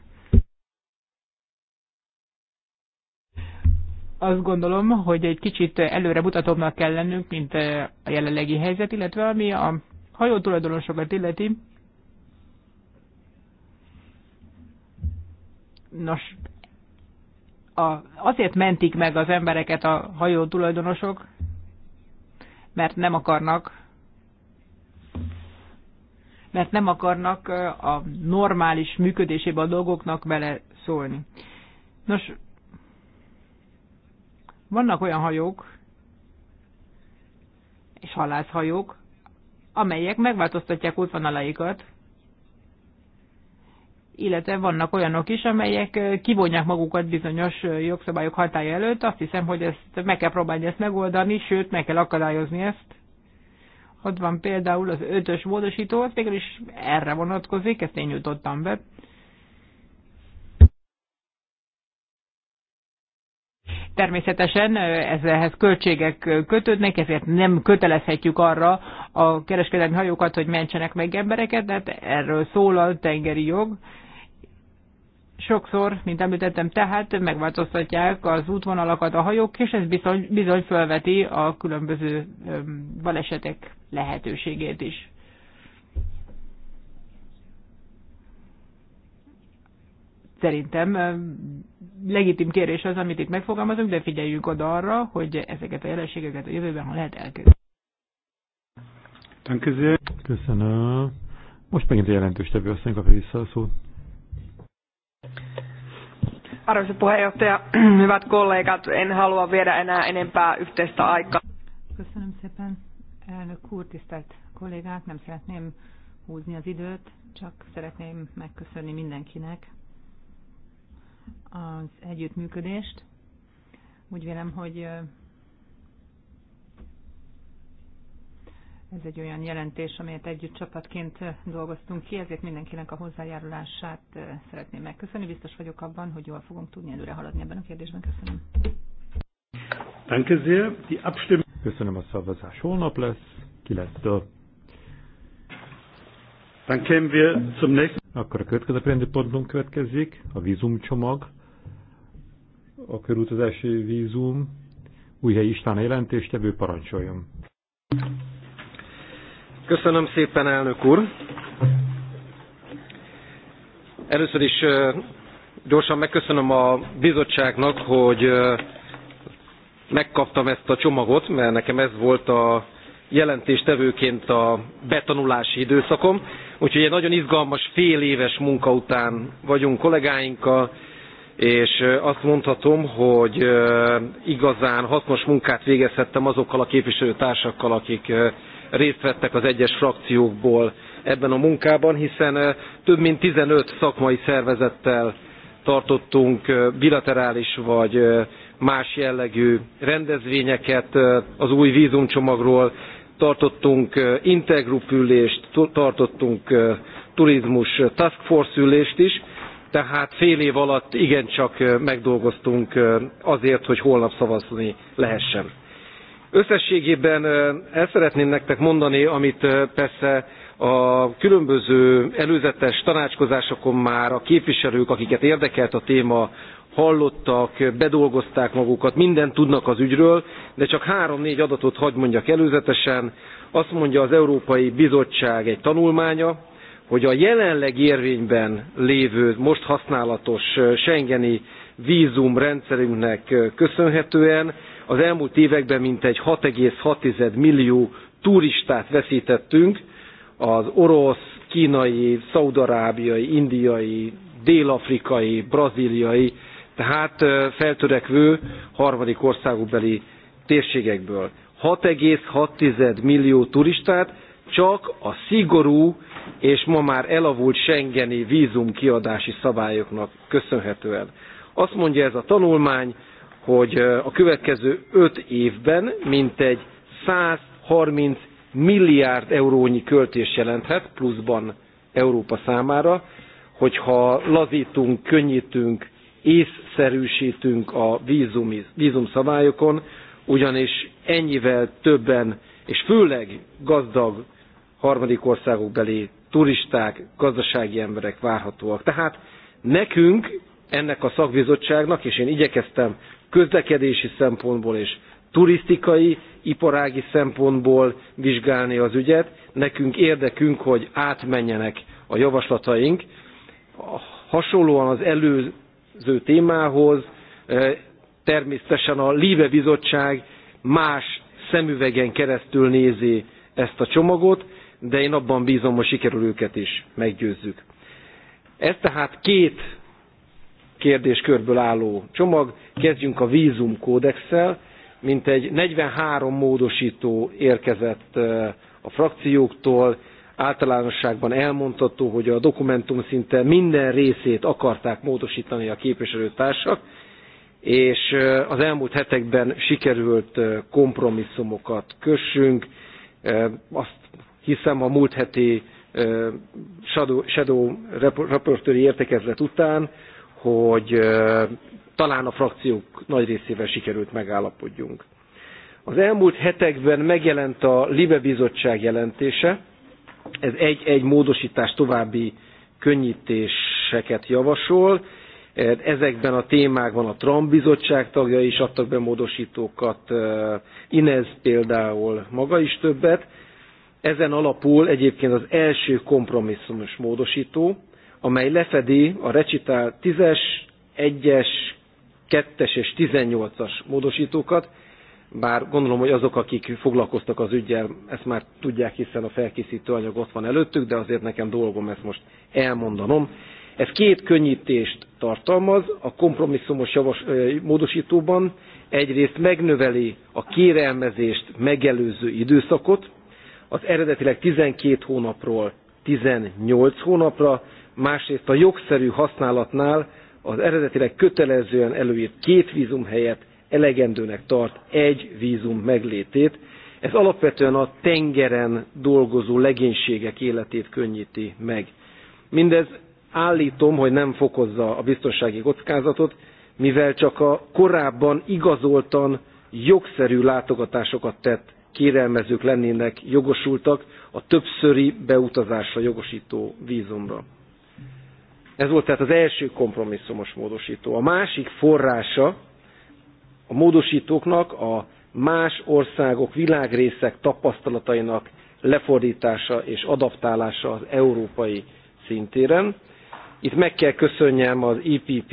Azt gondolom, hogy egy kicsit előre mutatóbbnak kell lennünk, mint a jelenlegi helyzet, illetve ami a hajó tulajdonosokat illeti. Nos, a, azért mentik meg az embereket a hajó tulajdonosok, mert nem akarnak mert nem akarnak a normális működésébe a dolgoknak bele szólni. Nos, vannak olyan hajók, és halászhajók, amelyek megváltoztatják útvonalaikat, illetve vannak olyanok is, amelyek kivonják magukat bizonyos jogszabályok hatája előtt. Azt hiszem, hogy ezt meg kell próbálni ezt megoldani, sőt, meg kell akadályozni ezt. Ott van például az ötös módosító, az is erre vonatkozik, ezt én jutottam be. Természetesen ezzelhez költségek kötődnek, ezért nem kötelezhetjük arra a kereskedelmi hajókat, hogy mentsenek meg embereket, de hát erről szól a tengeri jog. Sokszor, mint említettem, tehát megváltoztatják az útvonalakat a hajók, és ez bizony, bizony felveti a különböző balesetek lehetőségét is. szerintem legitim kérés az, amit itt megfogalmazunk, de figyeljünk oda arra, hogy ezeket a jelenségeket a jövőben, ha lehet, elkerüljük. Köszönöm. Most megint a jelentős tevő, aztán kapja vissza a szót. Arvoisa puheenjohtaja, hyvät kollégat, en halua viedä enää enempää yhteistä aikaa. Köszönöm szépen, elnök úr, tisztelt kollégák, nem szeretném húzni az időt, csak szeretném megköszönni mindenkinek az együttműködést. Úgy vélem, hogy ez egy olyan jelentés, amelyet együtt csapatként dolgoztunk ki, ezért mindenkinek a hozzájárulását szeretném megköszönni. Biztos vagyok abban, hogy jól fogunk tudni előre haladni ebben a kérdésben. Köszönöm. Köszönöm a szavazás. Holnap lesz, 9-től. Dann kämen wir zum nächsten. Akkor a következő rendi pontunk következik, a vízumcsomag, a körutazási vízum, Újhely István a jelentéstevő parancsoljon. Köszönöm szépen, elnök úr! Először is gyorsan megköszönöm a bizottságnak, hogy megkaptam ezt a csomagot, mert nekem ez volt a jelentéstevőként a betanulási időszakom. Úgyhogy egy nagyon izgalmas fél éves munka után vagyunk kollégáinkkal, és azt mondhatom, hogy igazán hasznos munkát végezhettem azokkal a képviselőtársakkal, akik részt vettek az egyes frakciókból ebben a munkában, hiszen több mint 15 szakmai szervezettel tartottunk bilaterális vagy más jellegű rendezvényeket az új vízumcsomagról, tartottunk intergroup ülést, tartottunk turizmus task force ülést is, tehát fél év alatt igencsak megdolgoztunk azért, hogy holnap szavazni lehessen. Összességében el szeretném nektek mondani, amit persze a különböző előzetes tanácskozásokon már a képviselők, akiket érdekelt a téma, hallottak, bedolgozták magukat, mindent tudnak az ügyről, de csak három-négy adatot hagy mondjak előzetesen. Azt mondja az Európai Bizottság egy tanulmánya, hogy a jelenleg érvényben lévő, most használatos Schengeni rendszerünknek köszönhetően az elmúlt években mintegy 6,6 millió turistát veszítettünk az orosz, kínai, szaudarábiai, indiai, dél-afrikai, braziliai tehát feltörekvő harmadik országokbeli térségekből. 6,6 millió turistát csak a szigorú és ma már elavult Schengeni vízum kiadási szabályoknak köszönhetően. Azt mondja ez a tanulmány, hogy a következő 5 évben mintegy 130 milliárd eurónyi költés jelenthet, pluszban Európa számára, hogyha lazítunk, könnyítünk, észszerűsítünk a vízum, vízumszabályokon, ugyanis ennyivel többen, és főleg gazdag harmadik országok belé turisták, gazdasági emberek várhatóak. Tehát nekünk, ennek a szakbizottságnak, és én igyekeztem közlekedési szempontból és turisztikai, iparági szempontból vizsgálni az ügyet. Nekünk érdekünk, hogy átmenjenek a javaslataink. Hasonlóan az elő, előző témához. Természetesen a Líbe Bizottság más szemüvegen keresztül nézi ezt a csomagot, de én abban bízom, hogy sikerül őket is meggyőzzük. Ez tehát két kérdéskörből álló csomag. Kezdjünk a vízumkódexsel. egy 43 módosító érkezett a frakcióktól, általánosságban elmondható, hogy a dokumentum szinte minden részét akarták módosítani a képviselőtársak, és az elmúlt hetekben sikerült kompromisszumokat kössünk. Azt hiszem a múlt heti Shadow, Shadow raportőri értekezlet után, hogy talán a frakciók nagy részével sikerült megállapodjunk. Az elmúlt hetekben megjelent a Libe Bizottság jelentése, ez egy, egy módosítás további könnyítéseket javasol. E, ezekben a témákban a Trump bizottság tagjai is adtak be módosítókat, e, Inez például maga is többet. Ezen alapul egyébként az első kompromisszumos módosító, amely lefedi a recitál 10-es, 1-es, 2-es és 18-as módosítókat, bár gondolom, hogy azok, akik foglalkoztak az ügyel, ezt már tudják, hiszen a felkészítő anyag ott van előttük, de azért nekem dolgom ezt most elmondanom. Ez két könnyítést tartalmaz, a kompromisszumos javas, módosítóban egyrészt megnöveli a kérelmezést megelőző időszakot, az eredetileg 12 hónapról 18 hónapra, másrészt a jogszerű használatnál az eredetileg kötelezően előírt két vízum helyett elegendőnek tart egy vízum meglétét. Ez alapvetően a tengeren dolgozó legénységek életét könnyíti meg. Mindez állítom, hogy nem fokozza a biztonsági kockázatot, mivel csak a korábban igazoltan jogszerű látogatásokat tett kérelmezők lennének jogosultak a többszöri beutazásra jogosító vízumra. Ez volt tehát az első kompromisszumos módosító. A másik forrása a módosítóknak a más országok, világrészek tapasztalatainak lefordítása és adaptálása az európai szintéren. Itt meg kell köszönjem az EPP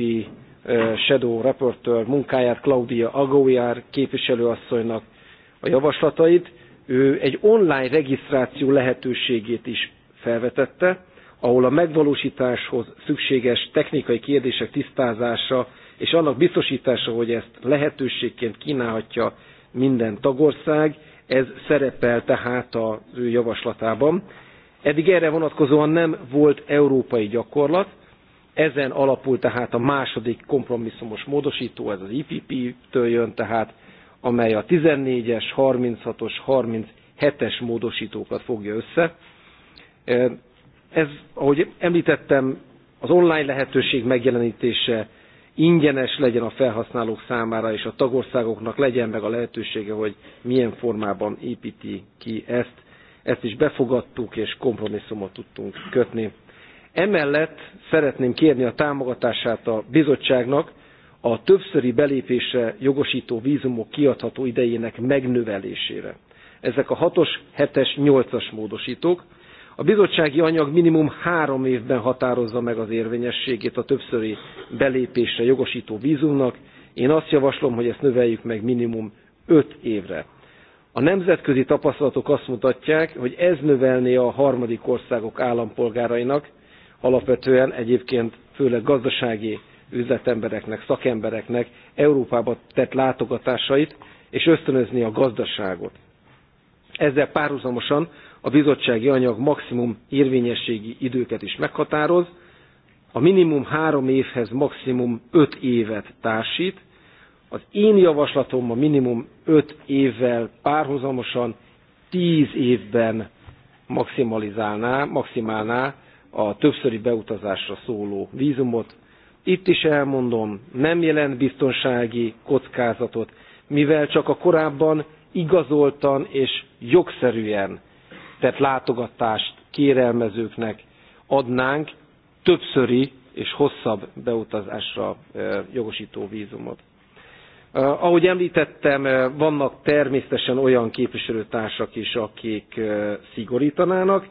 eh, Shadow Reporter munkáját Claudia Agoyar képviselőasszonynak a javaslatait. Ő egy online regisztráció lehetőségét is felvetette, ahol a megvalósításhoz szükséges technikai kérdések tisztázása és annak biztosítása, hogy ezt lehetőségként kínálhatja minden tagország, ez szerepel tehát az ő javaslatában. Eddig erre vonatkozóan nem volt európai gyakorlat, ezen alapul tehát a második kompromisszumos módosító, ez az IPP-től jön tehát, amely a 14-es, 36-os, 37-es módosítókat fogja össze. Ez, ahogy említettem, az online lehetőség megjelenítése, ingyenes legyen a felhasználók számára, és a tagországoknak legyen meg a lehetősége, hogy milyen formában építi ki ezt. Ezt is befogadtuk, és kompromisszumot tudtunk kötni. Emellett szeretném kérni a támogatását a bizottságnak a többszöri belépésre jogosító vízumok kiadható idejének megnövelésére. Ezek a 6-os, 7-es, 8-as módosítók, a bizottsági anyag minimum három évben határozza meg az érvényességét a többszöri belépésre jogosító vízumnak. Én azt javaslom, hogy ezt növeljük meg minimum öt évre. A nemzetközi tapasztalatok azt mutatják, hogy ez növelné a harmadik országok állampolgárainak, alapvetően egyébként főleg gazdasági üzletembereknek, szakembereknek Európába tett látogatásait, és ösztönözni a gazdaságot. Ezzel párhuzamosan a bizottsági anyag maximum érvényességi időket is meghatároz, a minimum három évhez maximum öt évet társít, az én javaslatom a minimum öt évvel párhuzamosan tíz évben maximalizálná, maximálná a többszöri beutazásra szóló vízumot. Itt is elmondom, nem jelent biztonsági kockázatot, mivel csak a korábban igazoltan és jogszerűen tett látogatást kérelmezőknek adnánk többszöri és hosszabb beutazásra jogosító vízumot. Ahogy említettem, vannak természetesen olyan képviselőtársak is, akik szigorítanának.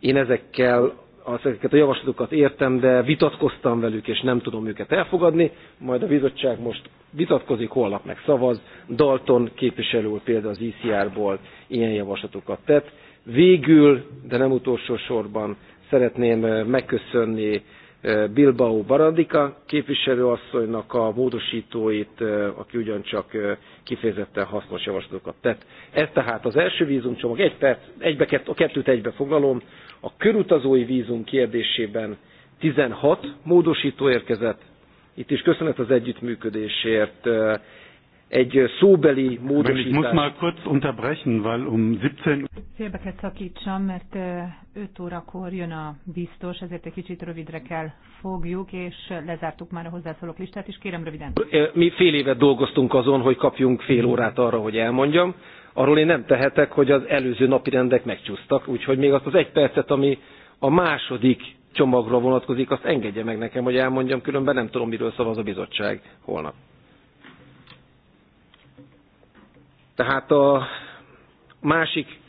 Én ezekkel ezeket a javaslatokat értem, de vitatkoztam velük, és nem tudom őket elfogadni. Majd a bizottság most vitatkozik, holnap meg szavaz. Dalton képviselő például az ICR-ból e ilyen javaslatokat tett. Végül, de nem utolsó sorban szeretném eh, megköszönni eh, Bilbao Barandika képviselőasszonynak a módosítóit, eh, aki ugyancsak kifejezetten hasznos javaslatokat tett. Ez tehát az első vízumcsomag, egy perc, egybe, a kettőt egybe foglalom. A körutazói vízum kérdésében 16 módosító érkezett. Itt is köszönet az együttműködésért egy szóbeli módosítás. Ich muss mal kurz unterbrechen, weil um 17 Uhr. Félbe kell szakítsam, mert 5 órakor jön a biztos, ezért egy kicsit rövidre kell fogjuk, és lezártuk már a hozzászólók listát, és kérem röviden. Mi fél évet dolgoztunk azon, hogy kapjunk fél mhm. órát arra, hogy elmondjam. Arról én nem tehetek, hogy az előző napi rendek megcsúsztak, úgyhogy még azt az egy percet, ami a második csomagra vonatkozik, azt engedje meg nekem, hogy elmondjam, különben nem tudom, miről szavaz a bizottság holnap. Tehát a másik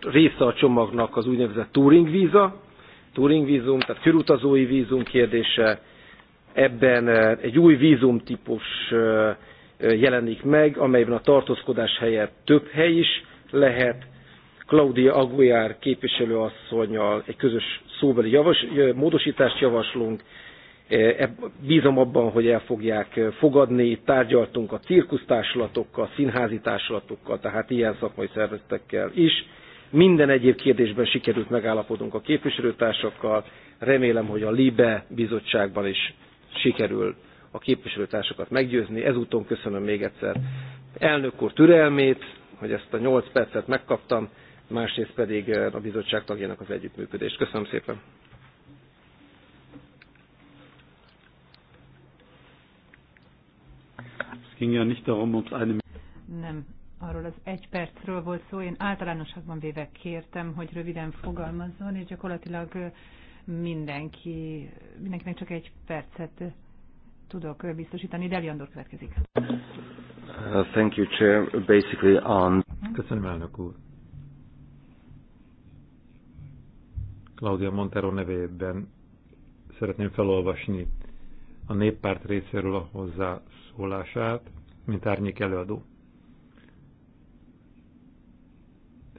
része a csomagnak az úgynevezett Turing víza, Turing vízum, tehát körutazói vízum kérdése, ebben egy új vízumtípus jelenik meg, amelyben a tartózkodás helyett több hely is lehet. Claudia Aguiar képviselőasszonynal egy közös szóbeli javas, módosítást javaslunk, E, e, bízom abban, hogy el fogják e, fogadni. Tárgyaltunk a cirkusztársulatokkal, színházi társulatokkal, tehát ilyen szakmai szervezetekkel is. Minden egyéb kérdésben sikerült megállapodunk a képviselőtársakkal. Remélem, hogy a LIBE bizottságban is sikerül a képviselőtársakat meggyőzni. Ezúton köszönöm még egyszer elnök úr türelmét, hogy ezt a 8 percet megkaptam, másrészt pedig a bizottság tagjának az együttműködést. Köszönöm szépen! ging ja nicht darum, ob es eine... Nem, arról az egy percről volt szó. Én általánosakban véve kértem, hogy röviden fogalmazzon, és gyakorlatilag mindenki, mindenkinek csak egy percet tudok biztosítani. Deli Andor következik. Uh, thank you, Chair. Basically on... Um, Köszönöm, elnök úr. Claudia Montero nevében szeretném felolvasni a néppárt részéről a hozzá hozzászólását, mint árnyék előadó.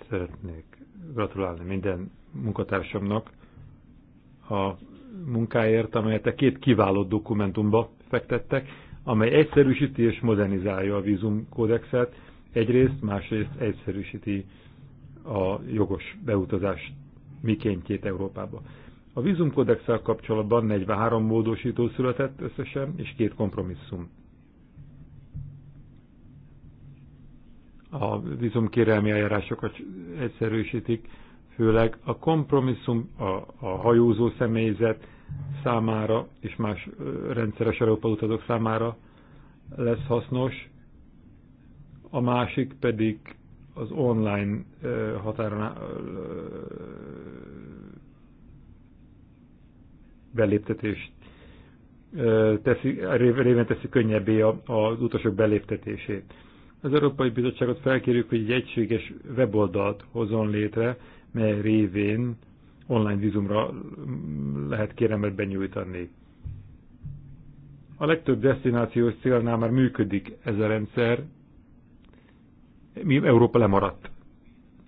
Szeretnék gratulálni minden munkatársamnak a munkáért, amelyet a két kiváló dokumentumba fektettek, amely egyszerűsíti és modernizálja a vízumkódexet, egyrészt, másrészt egyszerűsíti a jogos beutazás mikéntjét Európába. A vízumkódexsel kapcsolatban 43 módosító született összesen, és két kompromisszum a vízumkérelmi eljárásokat egyszerűsítik, főleg a kompromisszum, a, a hajózó személyzet számára és más rendszeres Európa utazók számára lesz hasznos, a másik pedig az online határon beléptetést teszi, révén teszi könnyebbé az utasok beléptetését. Az Európai Bizottságot felkérjük, hogy egy egységes weboldalt hozzon létre, mely révén online vízumra lehet kéremet benyújtani. A legtöbb destinációs célnál már működik ez a rendszer, mi Európa lemaradt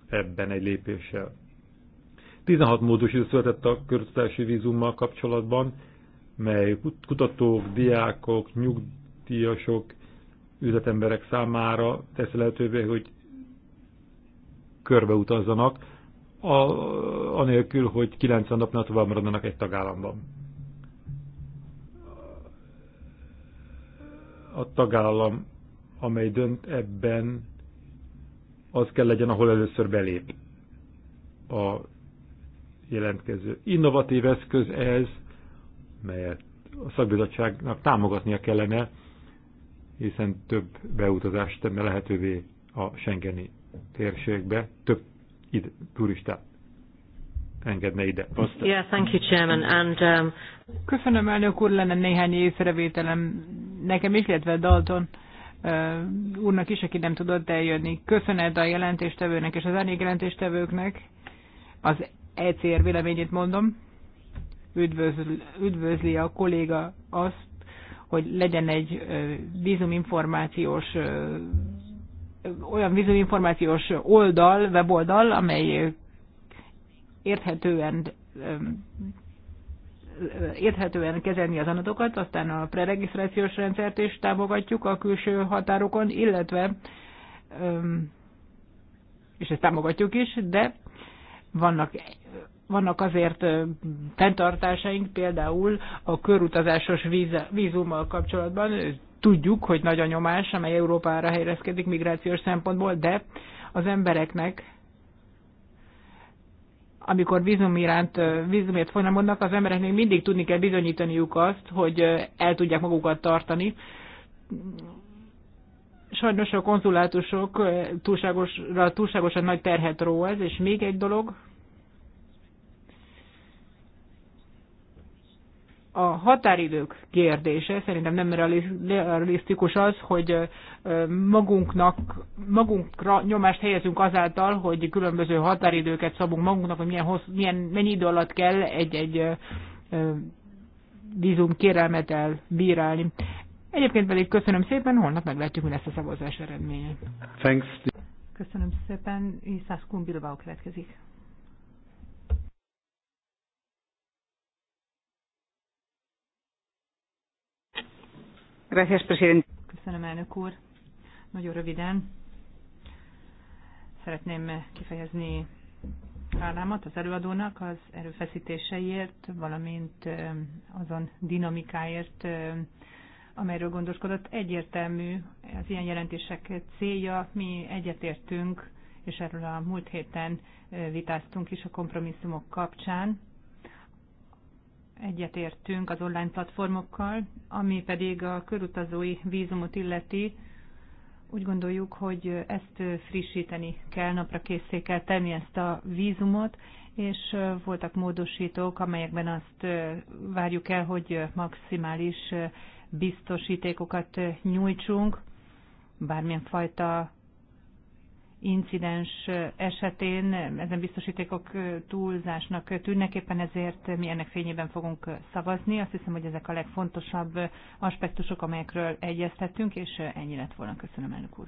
ebben egy lépéssel. 16 módosító született a körutatási vízummal kapcsolatban, mely kutatók, diákok, nyugdíjasok üzletemberek számára tesz lehetővé, hogy körbeutazzanak, a, anélkül, hogy 90 napnál tovább maradnának egy tagállamban. A tagállam, amely dönt ebben, az kell legyen, ahol először belép a jelentkező. Innovatív eszköz ez, melyet a szakbizottságnak támogatnia kellene, hiszen több beutazást tenne lehetővé a Schengeni térségbe, több ide, turistát engedne ide. Aztán. Yeah, thank you, Chairman. And, um... Köszönöm, elnök úr, lenne néhány észrevételem nekem is, illetve Dalton uh, úrnak is, aki nem tudott eljönni. Köszönet a jelentéstevőnek és az elég jelentéstevőknek. Az ECR véleményét mondom. Üdvözl, üdvözli a kolléga azt, hogy legyen egy vízuminformációs olyan vízuminformációs oldal, weboldal, amely érthetően érthetően kezelni az adatokat, aztán a preregisztrációs rendszert is támogatjuk a külső határokon, illetve és ezt támogatjuk is, de vannak vannak azért fenntartásaink, például a körutazásos vízummal kapcsolatban. Tudjuk, hogy nagy a nyomás, amely Európára helyezkedik migrációs szempontból, de az embereknek amikor vízum iránt, vízumért folyamodnak, az embereknek mindig tudni kell bizonyítaniuk azt, hogy el tudják magukat tartani. Sajnos a konzulátusok túlságosan nagy terhet ró ez, és még egy dolog, a határidők kérdése, szerintem nem realisztikus az, hogy magunknak, magunkra nyomást helyezünk azáltal, hogy különböző határidőket szabunk magunknak, hogy milyen, hossz, milyen mennyi idő alatt kell egy-egy vízum kérelmet elbírálni. Egyébként pedig köszönöm szépen, holnap meglátjuk, mi lesz a szavazás eredménye. Thanks. Köszönöm szépen, Iszász Kumbilbao következik. Gracias, presidente. Köszönöm, elnök úr. Nagyon röviden szeretném kifejezni hálámat az előadónak az erőfeszítéseiért, valamint azon dinamikáért, amelyről gondoskodott. Egyértelmű az ilyen jelentések célja, mi egyetértünk, és erről a múlt héten vitáztunk is a kompromisszumok kapcsán egyetértünk az online platformokkal, ami pedig a körutazói vízumot illeti, úgy gondoljuk, hogy ezt frissíteni kell, napra készé kell tenni ezt a vízumot, és voltak módosítók, amelyekben azt várjuk el, hogy maximális biztosítékokat nyújtsunk, bármilyen fajta incidens esetén ezen biztosítékok túlzásnak tűnnek, éppen ezért mi ennek fényében fogunk szavazni. Azt hiszem, hogy ezek a legfontosabb aspektusok, amelyekről egyeztettünk, és ennyi lett volna. Köszönöm, elnök úr.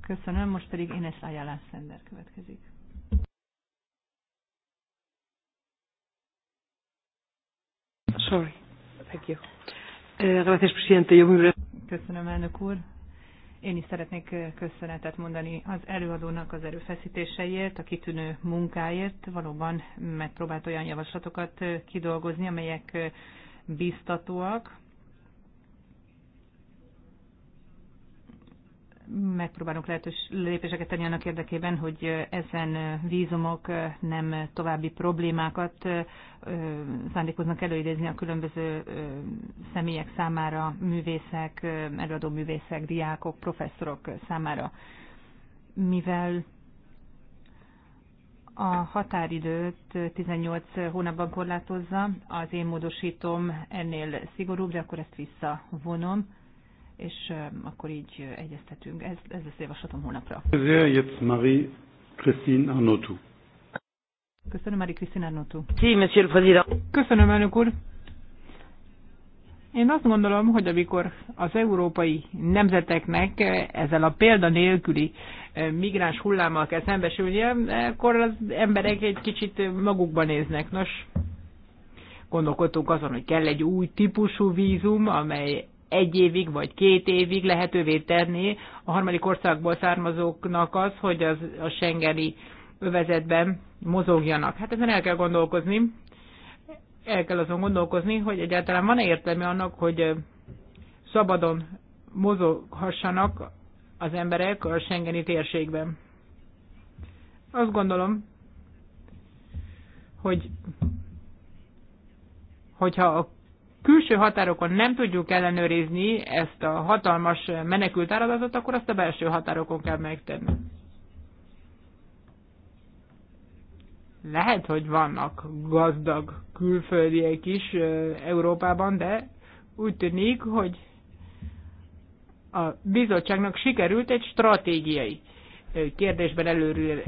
Köszönöm, most pedig Ines Ayala Szender következik. Sorry. Thank you. Gracias, presidente. Köszönöm, elnök úr. Én is szeretnék köszönetet mondani az előadónak az erőfeszítéseiért, a kitűnő munkáért. Valóban megpróbált olyan javaslatokat kidolgozni, amelyek biztatóak, megpróbálunk lehetős lépéseket tenni annak érdekében, hogy ezen vízumok nem további problémákat szándékoznak előidézni a különböző személyek számára, művészek, előadó művészek, diákok, professzorok számára. Mivel a határidőt 18 hónapban korlátozza, az én módosítom ennél szigorúbb, de akkor ezt visszavonom és akkor így egyeztetünk. Ez, ez lesz javaslatom holnapra. marie Köszönöm, marie Krisztina Arnotu. monsieur le président. Köszönöm, elnök úr. Én azt gondolom, hogy amikor az európai nemzeteknek ezzel a példa nélküli migráns hullámmal kell szembesülnie, akkor az emberek egy kicsit magukba néznek. Nos, gondolkodtunk azon, hogy kell egy új típusú vízum, amely egy évig vagy két évig lehetővé tenni a harmadik országból származóknak az, hogy az, a Schengeni övezetben mozogjanak. Hát ezen el kell gondolkozni, el kell azon gondolkozni, hogy egyáltalán van-e értelme annak, hogy szabadon mozoghassanak az emberek a Schengeni térségben. Azt gondolom, hogy hogyha a külső határokon nem tudjuk ellenőrizni ezt a hatalmas menekült áradatot, akkor azt a belső határokon kell megtenni. Lehet, hogy vannak gazdag külföldiek is Európában, de úgy tűnik, hogy a bizottságnak sikerült egy stratégiai kérdésben előre,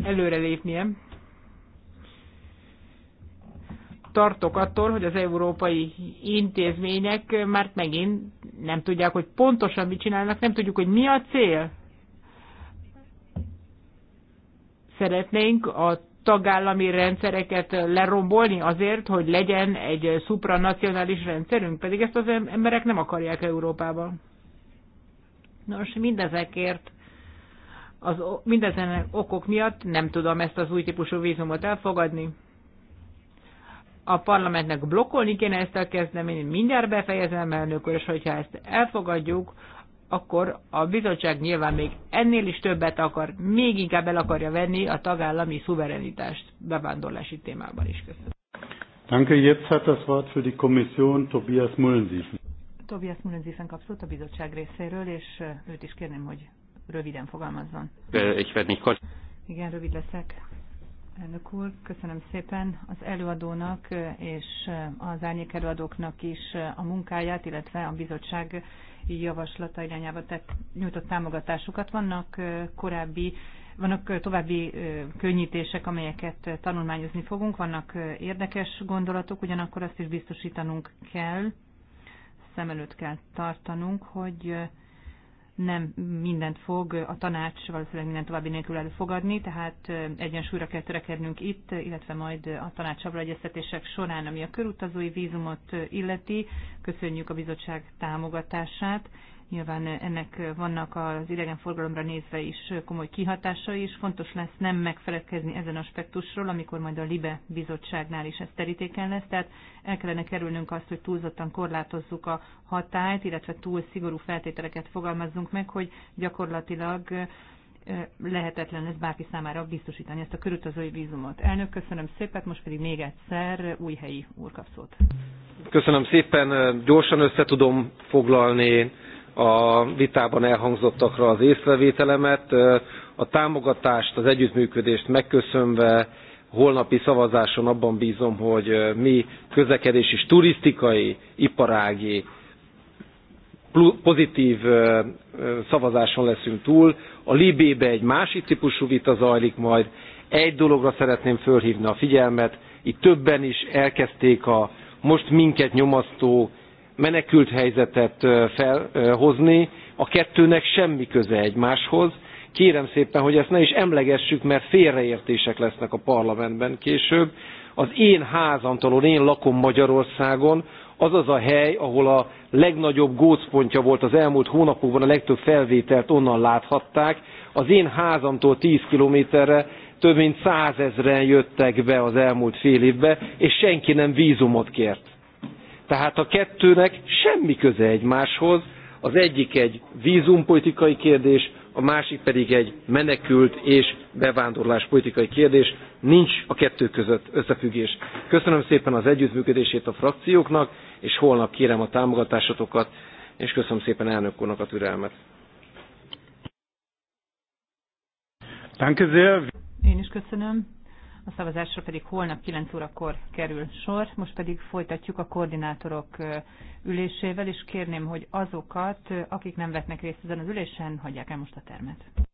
tartok attól, hogy az európai intézmények már megint nem tudják, hogy pontosan mit csinálnak, nem tudjuk, hogy mi a cél. Szeretnénk a tagállami rendszereket lerombolni azért, hogy legyen egy supranacionális rendszerünk, pedig ezt az emberek nem akarják Európában. Nos, mindezekért az, mindezen okok miatt nem tudom ezt az új típusú vízumot elfogadni a parlamentnek blokkolni kéne ezt a kezdeményt, mindjárt befejezem, elnök és hogyha ezt elfogadjuk, akkor a bizottság nyilván még ennél is többet akar, még inkább el akarja venni a tagállami szuverenitást bevándorlási témában is. Köszönöm. Danke, jetzt hat das Wort für die Kommission Tobias Mullensiefen. Tobias Mullensiefen kapszott a bizottság részéről, és őt is kérném, hogy röviden fogalmazzon. Ich werde nicht kurz. Igen, rövid leszek. Elnök úr, köszönöm szépen az előadónak és az árnyék előadóknak is a munkáját, illetve a bizottság javaslata irányába tett, nyújtott támogatásukat. Vannak korábbi vannak további könnyítések, amelyeket tanulmányozni fogunk, vannak érdekes gondolatok, ugyanakkor azt is biztosítanunk kell, szem előtt kell tartanunk, hogy nem mindent fog a tanács valószínűleg minden további nélkül elfogadni, tehát egyensúlyra kell törekednünk itt, illetve majd a tanácsabbra egyeztetések során, ami a körutazói vízumot illeti. Köszönjük a bizottság támogatását, Nyilván ennek vannak az idegenforgalomra nézve is komoly kihatásai, és fontos lesz nem megfelelkezni ezen aspektusról, amikor majd a LIBE bizottságnál is ez terítéken lesz. Tehát el kellene kerülnünk azt, hogy túlzottan korlátozzuk a hatályt, illetve túl szigorú feltételeket fogalmazzunk meg, hogy gyakorlatilag lehetetlen ez bárki számára biztosítani ezt a körutazói vízumot. Elnök, köszönöm szépen, most pedig még egyszer új helyi úr kap szót. Köszönöm szépen, gyorsan összetudom foglalni a vitában elhangzottakra az észrevételemet. A támogatást, az együttműködést megköszönve holnapi szavazáson abban bízom, hogy mi közlekedés és turisztikai, iparági, pozitív szavazáson leszünk túl. A Libébe egy másik típusú vita zajlik majd. Egy dologra szeretném fölhívni a figyelmet, itt többen is elkezdték a most minket nyomasztó menekült helyzetet felhozni, a kettőnek semmi köze egymáshoz. Kérem szépen, hogy ezt ne is emlegessük, mert félreértések lesznek a parlamentben később. Az én házantalon, én lakom Magyarországon, az az a hely, ahol a legnagyobb gócpontja volt az elmúlt hónapokban, a legtöbb felvételt onnan láthatták. Az én házamtól 10 kilométerre több mint százezren jöttek be az elmúlt fél évbe, és senki nem vízumot kért tehát a kettőnek semmi köze egymáshoz, az egyik egy vízumpolitikai kérdés, a másik pedig egy menekült és bevándorlás politikai kérdés. Nincs a kettő között összefüggés. Köszönöm szépen az együttműködését a frakcióknak, és holnap kérem a támogatásotokat, és köszönöm szépen elnök úrnak a türelmet. Danke sehr. Én is köszönöm a szavazásra pedig holnap 9 órakor kerül sor. Most pedig folytatjuk a koordinátorok ülésével, és kérném, hogy azokat, akik nem vetnek részt ezen az ülésen, hagyják el most a termet.